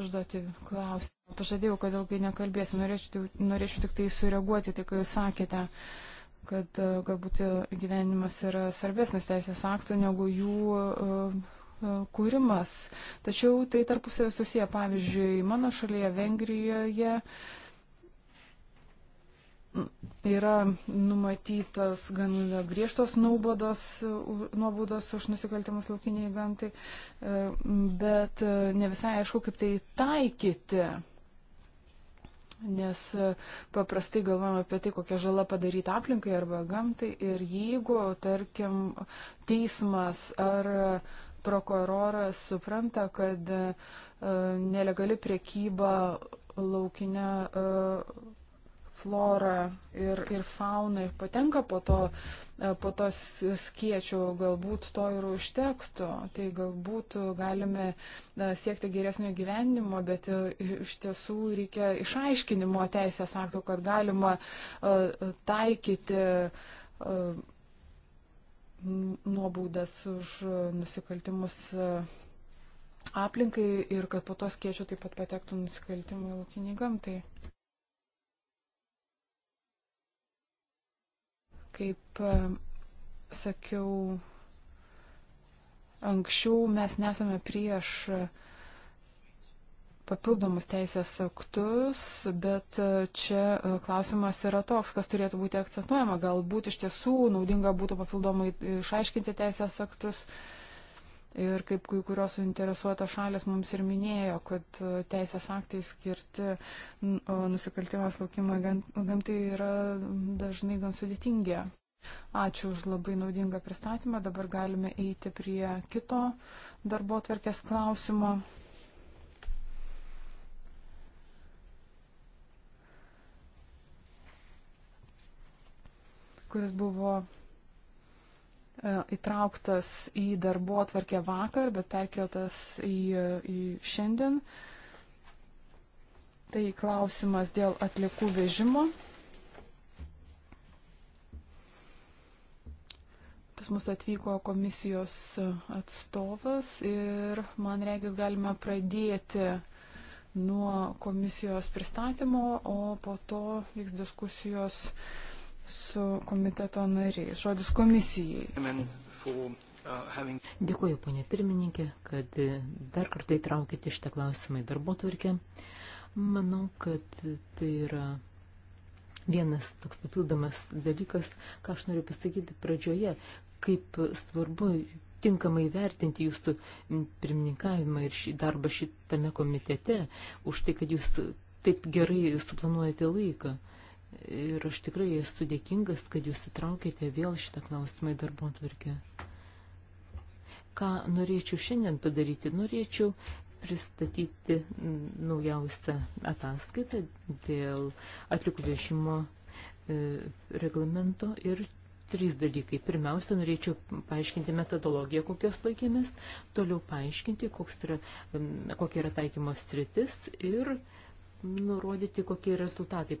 užduoti klausimą. Pažadėjau, kad ilgai nekalbėsiu. Norėčiau, norėčiau tik tai sureaguoti, tai ką jūs sakėte. Uh, kad e, galbūt e, gyvenimas yra svarbesnis teisės aktų negu jų e, kūrimas. Tačiau tai tarpusavį susiję. Pavyzdžiui, mano šalyje, Vengrijoje, yra numatytos gan griežtos nuobodos, nuobodos už nusikaltimus laukiniai gamtai, bet ne visai aišku, kaip tai taikyti nes e, paprastai galvojam apie tai, kokia žala padaryta aplinkai arba gamtai ir jeigu, tarkim, teismas ar prokuroras supranta, kad e, nelegali priekyba laukinė e, flora ir, ir fauna ir patenka po to, e, po to skiečių, galbūt to ir užtektų. Tai galbūt galime e, siekti geresnio gyvenimo, bet e, iš tiesų reikia išaiškinimo teisės aktų, kad galima taikyti nuobaudas už nusikaltimus aplinkai ir kad po to skiečių taip pat patektų nusikaltimai laukiniai gamtai. Kaip e, sakiau, anksčiau mes nesame prieš papildomus teisės aktus, bet e, čia e, klausimas yra toks, kas turėtų būti akcentuojama. Galbūt iš tiesų naudinga būtų papildomai išaiškinti teisės aktus. Uh, Ir kaip kai kurios suinteresuotos šalis mums ir minėjo, kad e, teisės aktai skirti nusikaltimas laukimo gamtai yra dažnai gan sudėtingi. Ačiū už labai naudingą pristatymą. Dabar galime eiti prie kito darbo tvarkės klausimo. kuris buvo E, įtrauktas į darbo atvarkę vakar, bet perkeltas į, į šiandien. Tai klausimas dėl atliekų vežimo. Pas mus atvyko komisijos atstovas ir man reikės galima pradėti nuo komisijos pristatymo, o po to vyks diskusijos uh, su komiteto nariais. Žodis komisijai. Dėkuoju, ponė pirmininkė, kad dar kartą įtraukite šitą klausimą į darbo tvarkę. Manau, kad tai yra vienas toks papildomas dalykas, ką aš noriu pasakyti pradžioje, kaip svarbu tinkamai vertinti jūsų pirmininkavimą ir šį darbą šitame komitete, už tai, kad jūs taip gerai suplanuojate laiką. Ir aš tikrai esu dėkingas, kad jūs įtraukėte vėl šitą klausimą į darbo atvarkę. Ką norėčiau šiandien padaryti? Norėčiau pristatyti naujausią ataskaitą dėl atlikų viešimo e, reglamento ir trys dalykai. Pirmiausia, norėčiau paaiškinti metodologiją, kokios laikėmės, toliau paaiškinti, yra, kokia yra taikymos sritis ir nurodyti, kokie rezultatai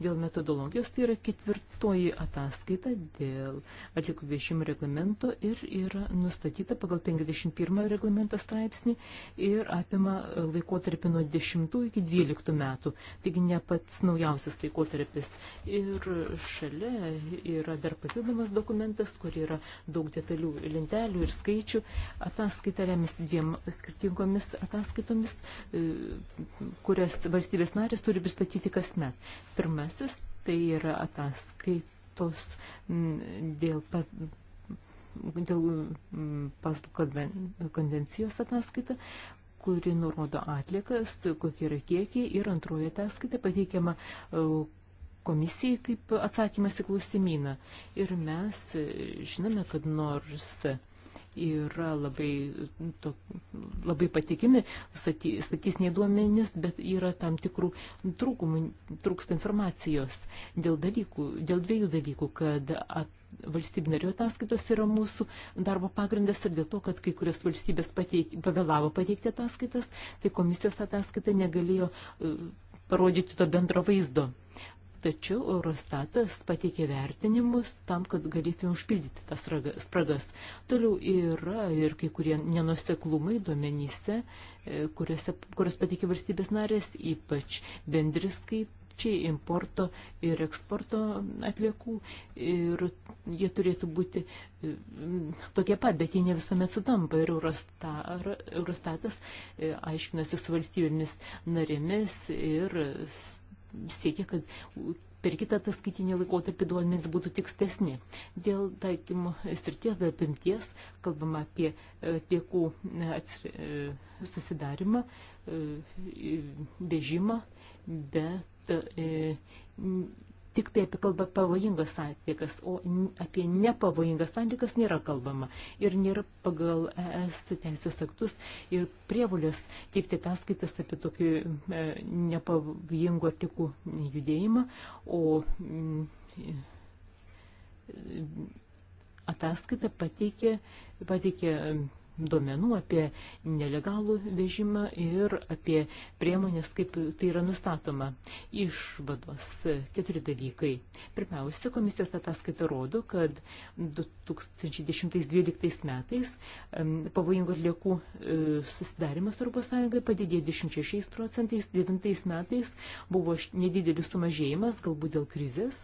dėl metodologijos, tai yra ketvirtoji ataskaita dėl atlikų viešimų reglamento ir yra nustatyta pagal 51 reglamento straipsnį ir apima laikotarpį nuo 10 iki 12 metų, taigi ne pats naujausias laikotarpis. Ir šalia yra dar papildomas dokumentas, kur yra daug detalių lentelių ir skaičių. Ataskaita remiasi dviem skirtingomis ataskaitomis, e, kurias valstybės narės turi pristatyti kasmet. Pirmas Pirmasis tai yra ataskaitos dėl, pas, dėl paslų konvencijos ataskaita, kuri nurodo atlikas, kokie yra kiekiai ir antroji ataskaita pateikiama e, komisijai kaip atsakymas į klausimyną. Ir mes e, žinome, kad nors yra labai, to, labai patikimi statistiniai duomenys, bet yra tam tikrų trūkumų, trūksta informacijos dėl, dalykų, dėl dviejų dalykų, kad at, valstybinarių ataskaitos yra mūsų darbo pagrindas ir dėl to, kad kai kurios valstybės pateik, pavėlavo pateikti ataskaitas, tai komisijos ataskaita negalėjo e, parodyti to bendro vaizdo tačiau Eurostatas pateikė vertinimus tam, kad galėtume užpildyti tas spragas. Toliau yra ir kai kurie nenuseklumai duomenyse, e, kuriuose, kurias pateikė valstybės narės, ypač bendris kaip importo ir eksporto atliekų ir jie turėtų būti e, tokie pat, bet jie ne visuomet sutampa ir Eurostatas e, aiškinosi su valstybėmis narėmis ir siekia, kad per kitą ataskaitinį laikotarpį duomenys būtų tikstesni. Dėl taikymo srities, dėl apimties, kalbam apie e, tiekų e, e, susidarimą, dėžimą, bet tik tai apie kalbą pavojingas santykas, o apie nepavojingas santykas nėra kalbama ir nėra pagal ES teisės aktus ir prievulės teikti ataskaitas apie tokį e, nepavojingų atlikų judėjimą, o e, ataskaitą pateikė, pateikė duomenų apie nelegalų vežimą ir apie priemonės, kaip tai yra nustatoma. Išvados keturi dalykai. Pirmiausia, komisijos ataskaita rodo, kad 2010-2012 metais pavojingų atliekų e, susidarimas Europos Sąjungai padidėjo 26 procentais, 2009 metais buvo nedidelis sumažėjimas, galbūt dėl krizės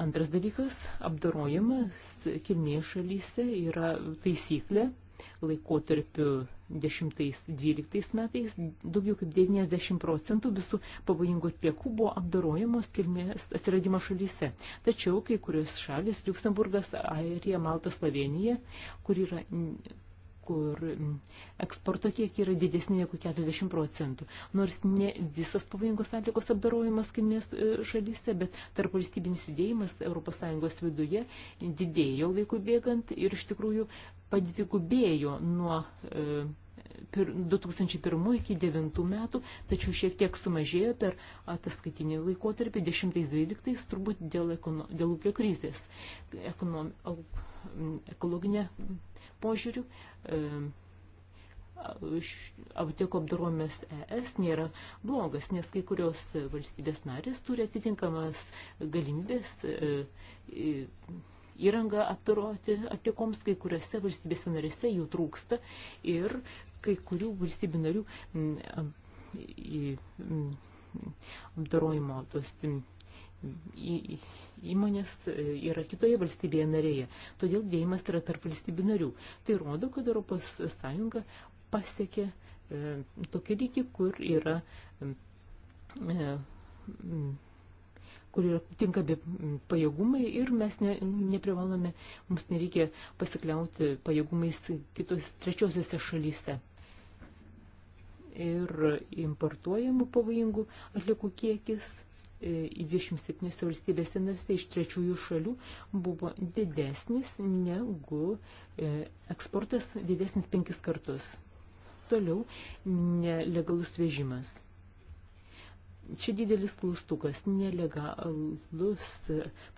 Antras dalykas - apdorojimas kilmės šalyse yra taisyklė laikotarpiu 10-12 metais daugiau kaip 90 procentų visų pavojingų atliekų buvo apdarojamos kilmės atsiradimo šalyse. Tačiau kai kurios šalis - Luxemburgas, Airija, Malta, Slovenija, kur yra kur eksporto kiekiai yra didesni negu 40 procentų. Nors ne visas pavojingos atlikos apdarojimas kaimės e, šalyse, bet tarp valstybinis judėjimas ES viduje didėjo laikų bėgant ir iš tikrųjų padvigubėjo nuo 2001 e, iki 2009 metų, tačiau šiek tiek sumažėjo per ataskaitinį laikotarpį 10-12 turbūt dėl, ekono, dėl ūkio krizės. Ekonom, ekologinė požiūrių e, aptieko apdaromis ES nėra blogas, nes kai kurios valstybės narės turi atitinkamas galimybės e, e, įrangą apdaroti atliekoms, kai kuriuose valstybėse narėse jų trūksta ir kai kurių valstybių narių apdarojimo tos įmonės e, yra kitoje valstybėje narėje. Todėl dėjimas yra tarp valstybių narių. Tai rodo, kad ES pasiekė e, tokį lygį, kur yra, e, kur yra tinkami pajėgumai ir mes ne, neprivalome, mums nereikia pasikliauti pajėgumais kitos trečiosiose šalyse ir importuojamų pavojingų atlikų kiekis į 27 valstybės senose iš trečiųjų šalių buvo didesnis negu e, eksportas didesnis penkis kartus. Toliau nelegalus vežimas. Čia didelis klaustukas, nelegalus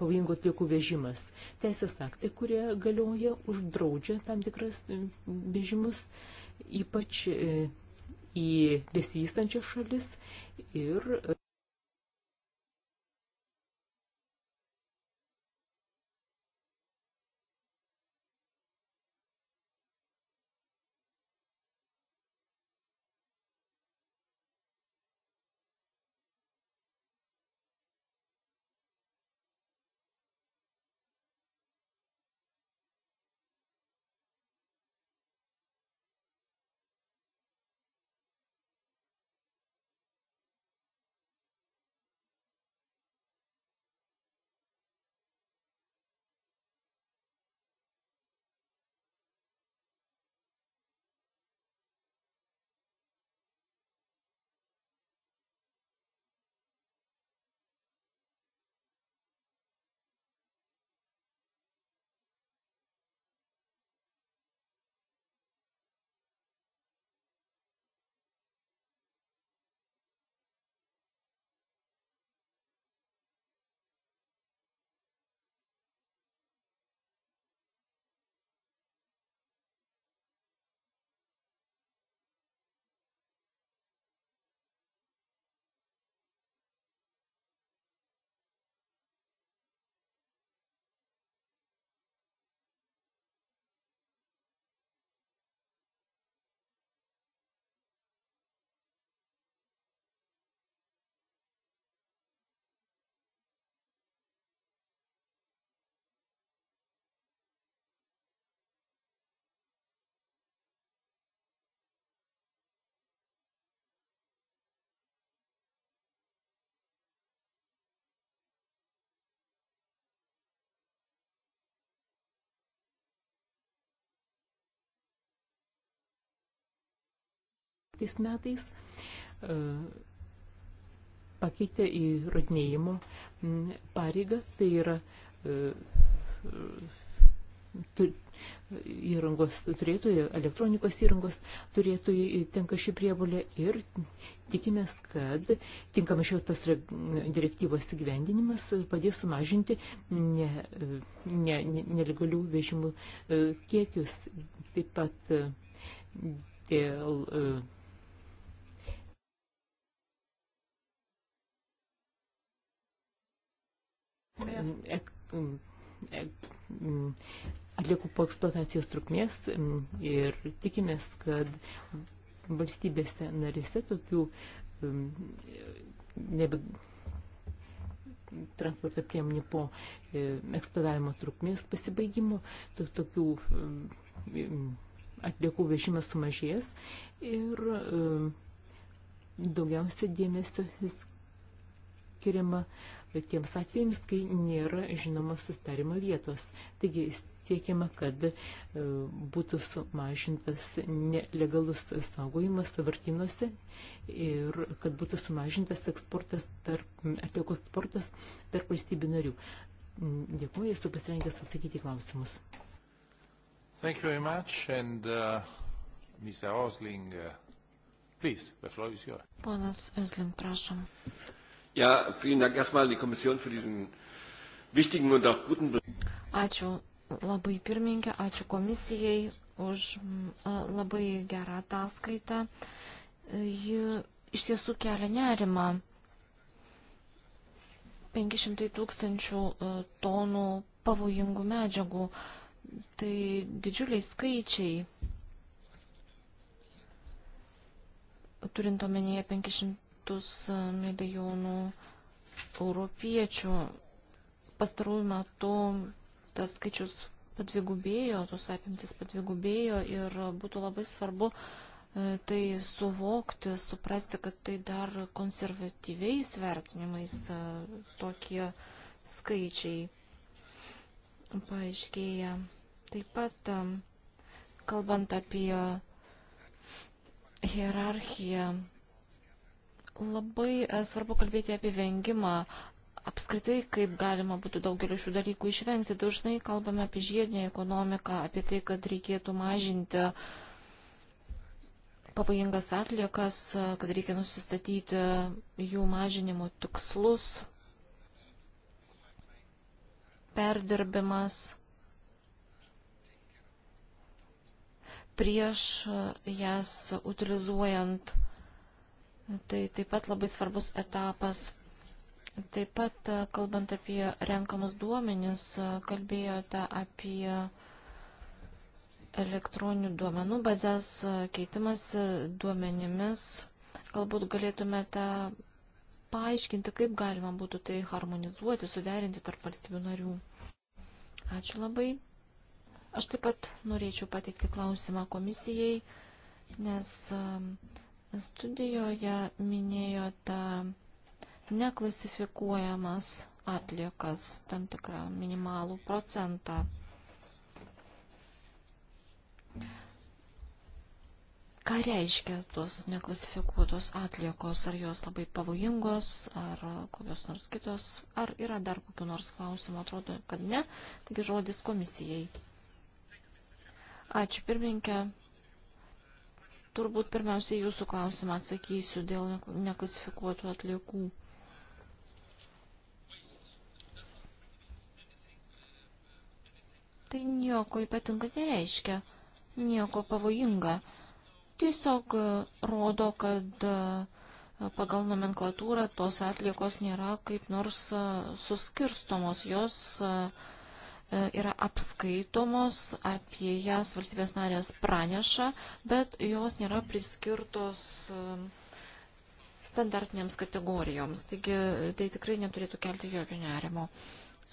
pavojingų atliekų vežimas. Teisės aktai, kurie galioja, uždraudžia tam tikras e, vežimus, ypač e, į besivystančias šalis ir tais metais e, pakeitė įrodinėjimo pareigą, tai yra e, įrangos turėtojų, elektronikos įrangos turėtojų e, tenka šį prievolę ir tikimės, kad tinkamas šios direktyvos įgyvendinimas padės sumažinti ne, ne, ne, nelegalių vežimų kiekius. Taip pat dėl atliekų po eksploatacijos trukmės mm, ir tikimės, kad valstybėse narise tokių mm, nebe transporto priemonių po e, eksploatavimo trukmės pasibaigimo, to, tokių mm, atliekų vežimas sumažės ir daugiausia dėmesio skiriama tiems atvejams, kai nėra žinoma sustarimo vietos. Taigi siekiama, kad e, būtų sumažintas nelegalus saugojimas savartinuose ir kad būtų sumažintas eksportas tarp, atliekos eksportas tarp valstybių narių. Mm, dėkuoju, esu pasirengęs atsakyti klausimus. Thank you very much and uh, Mr. Osling, uh, please, the floor is yours. Ponas Osling, prašom. Uh, Ja, vielen Dank erstmal die Kommission für diesen wichtigen und auch guten Bericht. Ačiū labai pirmininkė, ačiū komisijai už labai gerą ataskaitą. Ji iš tiesų kelia nerimą. 500 tūkstančių tonų pavojingų medžiagų. Tai didžiuliai skaičiai. Turint omenyje 500 200 milijonų europiečių. Pastarųjų metų tas skaičius padvigubėjo, tos apimtis padvigubėjo ir būtų labai svarbu e, tai suvokti, suprasti, kad tai dar konservatyviais vertinimais e, tokie skaičiai paaiškėja. Taip pat, e, kalbant apie hierarchiją, Labai e, svarbu kalbėti apie vengimą. Apskritai, kaip galima būtų daugelį šių dalykų išvengti, dažnai kalbame apie žiedinę ekonomiką, apie tai, kad reikėtų mažinti pavojingas atliekas, e, kad reikia nusistatyti jų mažinimo tikslus, perdirbimas prieš jas utilizuojant Tai taip pat labai svarbus etapas. Taip pat, e, kalbant apie renkamus duomenis, e, kalbėjote apie elektroninių duomenų bazės, e, keitimas duomenimis. Galbūt galėtumėte paaiškinti, kaip galima būtų tai harmonizuoti, suderinti tarp valstybių narių. Ačiū labai. Aš taip pat norėčiau pateikti klausimą komisijai, nes uh, Studijoje minėjote neklasifikuojamas atliekas tam tikrą minimalų procentą. Ką reiškia tos neklasifikuotos atliekos? Ar jos labai pavojingos, ar kokios nors kitos, ar yra dar kokiu nors klausimu? Atrodo, kad ne. Taigi žodis komisijai. Ačiū pirmininkė. Turbūt pirmiausiai jūsų klausimą atsakysiu dėl neklasifikuotų atliekų. Tai nieko ypatinga nereiškia, nieko pavojinga. Tiesiog e, rodo, kad e, pagal nomenklatūrą tos atliekos nėra kaip nors e, suskirstomos, jos uh, E, yra apskaitomos, apie jas valstybės narės praneša, bet jos nėra priskirtos e, standartinėms kategorijoms. Taigi tai tikrai neturėtų kelti jokio nerimo.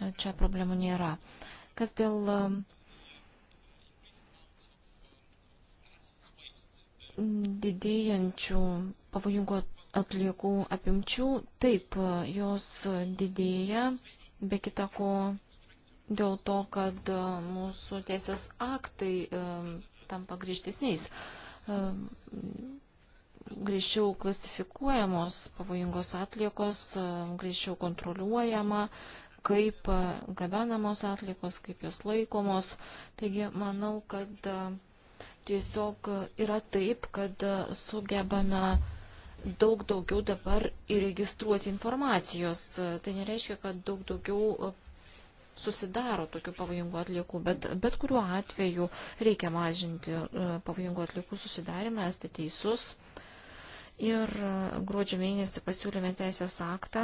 E, čia problemų nėra. Kas dėl didėjančių pavojingų atliekų apimčių, taip, jos didėja, be kita ko dėl to, kad e, mūsų teisės aktai e, tampa grįžtisniais. E, grįžčiau klasifikuojamos pavojingos atliekos, grįžčiau kontroliuojama, kaip gabenamos atlikos, kaip jos laikomos. Taigi, manau, kad tiesiog yra taip, kad sugebame daug daugiau dabar įregistruoti informacijos. Tai nereiškia, kad daug daugiau susidaro tokių pavojingų atliekų, bet bet kuriuo atveju reikia mažinti e, pavojingų atliekų susidarimą, esate teisus. Ir e, gruodžio mėnesį pasiūlėme teisės aktą.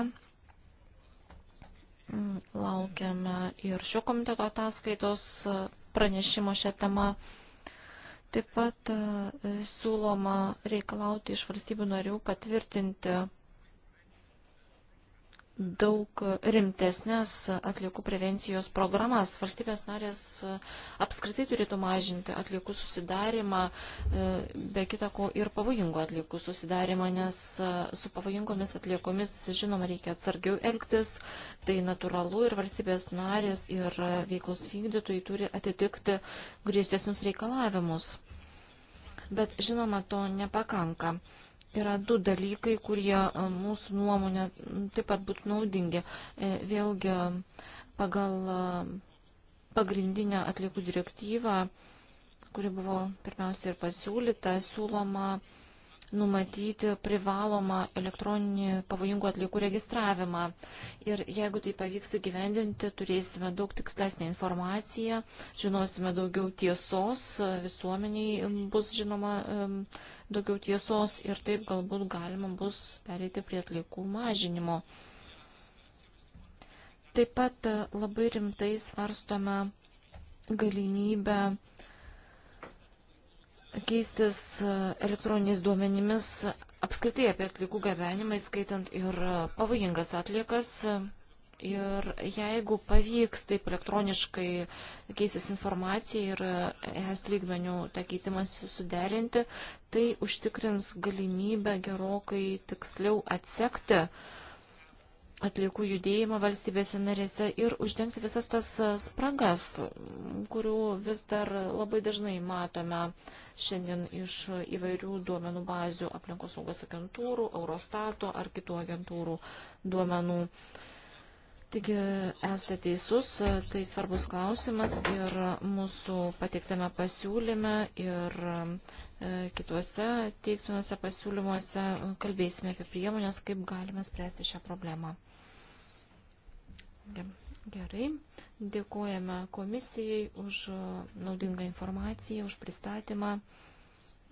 Mm, laukiame ir šio komiteto ataskaitos e, pranešimo šią temą. Taip pat siūloma reikalauti iš valstybių narių patvirtinti daug rimtesnės atliekų prevencijos programas. Valstybės narės apskritai turėtų mažinti atliekų susidarimą, e, be kita ko ir pavojingo atliekų susidarimą, nes e, su pavojingomis atliekomis, žinoma, reikia atsargiau elgtis, tai natūralu ir valstybės narės ir veiklos vykdytojai turi atitikti griežtesnius reikalavimus. Bet žinoma, to nepakanka yra du dalykai, kurie e, mūsų nuomonė taip pat būtų naudingi. E, vėlgi pagal e, pagrindinę atliekų direktyvą, kuri buvo pirmiausia ir pasiūlyta, siūloma numatyti privalomą elektroninį pavojingų atliekų registravimą. Ir jeigu tai pavyks įgyvendinti, turėsime daug tikslesnį informaciją, žinosime daugiau tiesos, visuomeniai bus žinoma daugiau tiesos ir taip galbūt galima bus pereiti prie atliekų mažinimo. Taip pat e, labai rimtai svarstome galimybę keistis e, elektroniniais duomenimis apskritai apie atlikų gabenimą, skaitant ir pavojingas atliekas. Ir jeigu pavyks taip elektroniškai keisis informacija ir ES lygmenių tą keitimąsi suderinti, tai užtikrins galimybę gerokai tiksliau atsekti uh, atliekų judėjimo valstybėse narėse ir uždengti visas tas e, spragas, kurių vis dar labai dažnai matome šiandien iš įvairių duomenų bazių aplinkos saugos agentūrų, Eurostato ar kitų agentūrų duomenų. Taigi esate teisus, tai svarbus klausimas ir mūsų pateiktame pasiūlyme ir e, kituose teiktinuose pasiūlymuose kalbėsime apie priemonės, kaip galime spręsti šią problemą. Gerai. Dėkojame komisijai už e, naudingą informaciją, už pristatymą.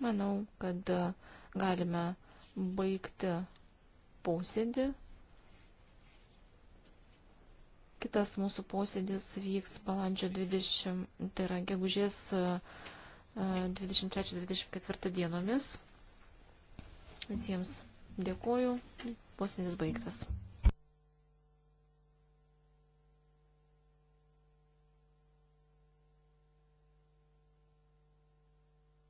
Manau, kad e, galime baigti posėdį. Kitas mūsų posėdis vyks balandžio 20, tai yra gegužės 23-24 e, dienomis. Visiems dėkoju. Posėdis baigtas.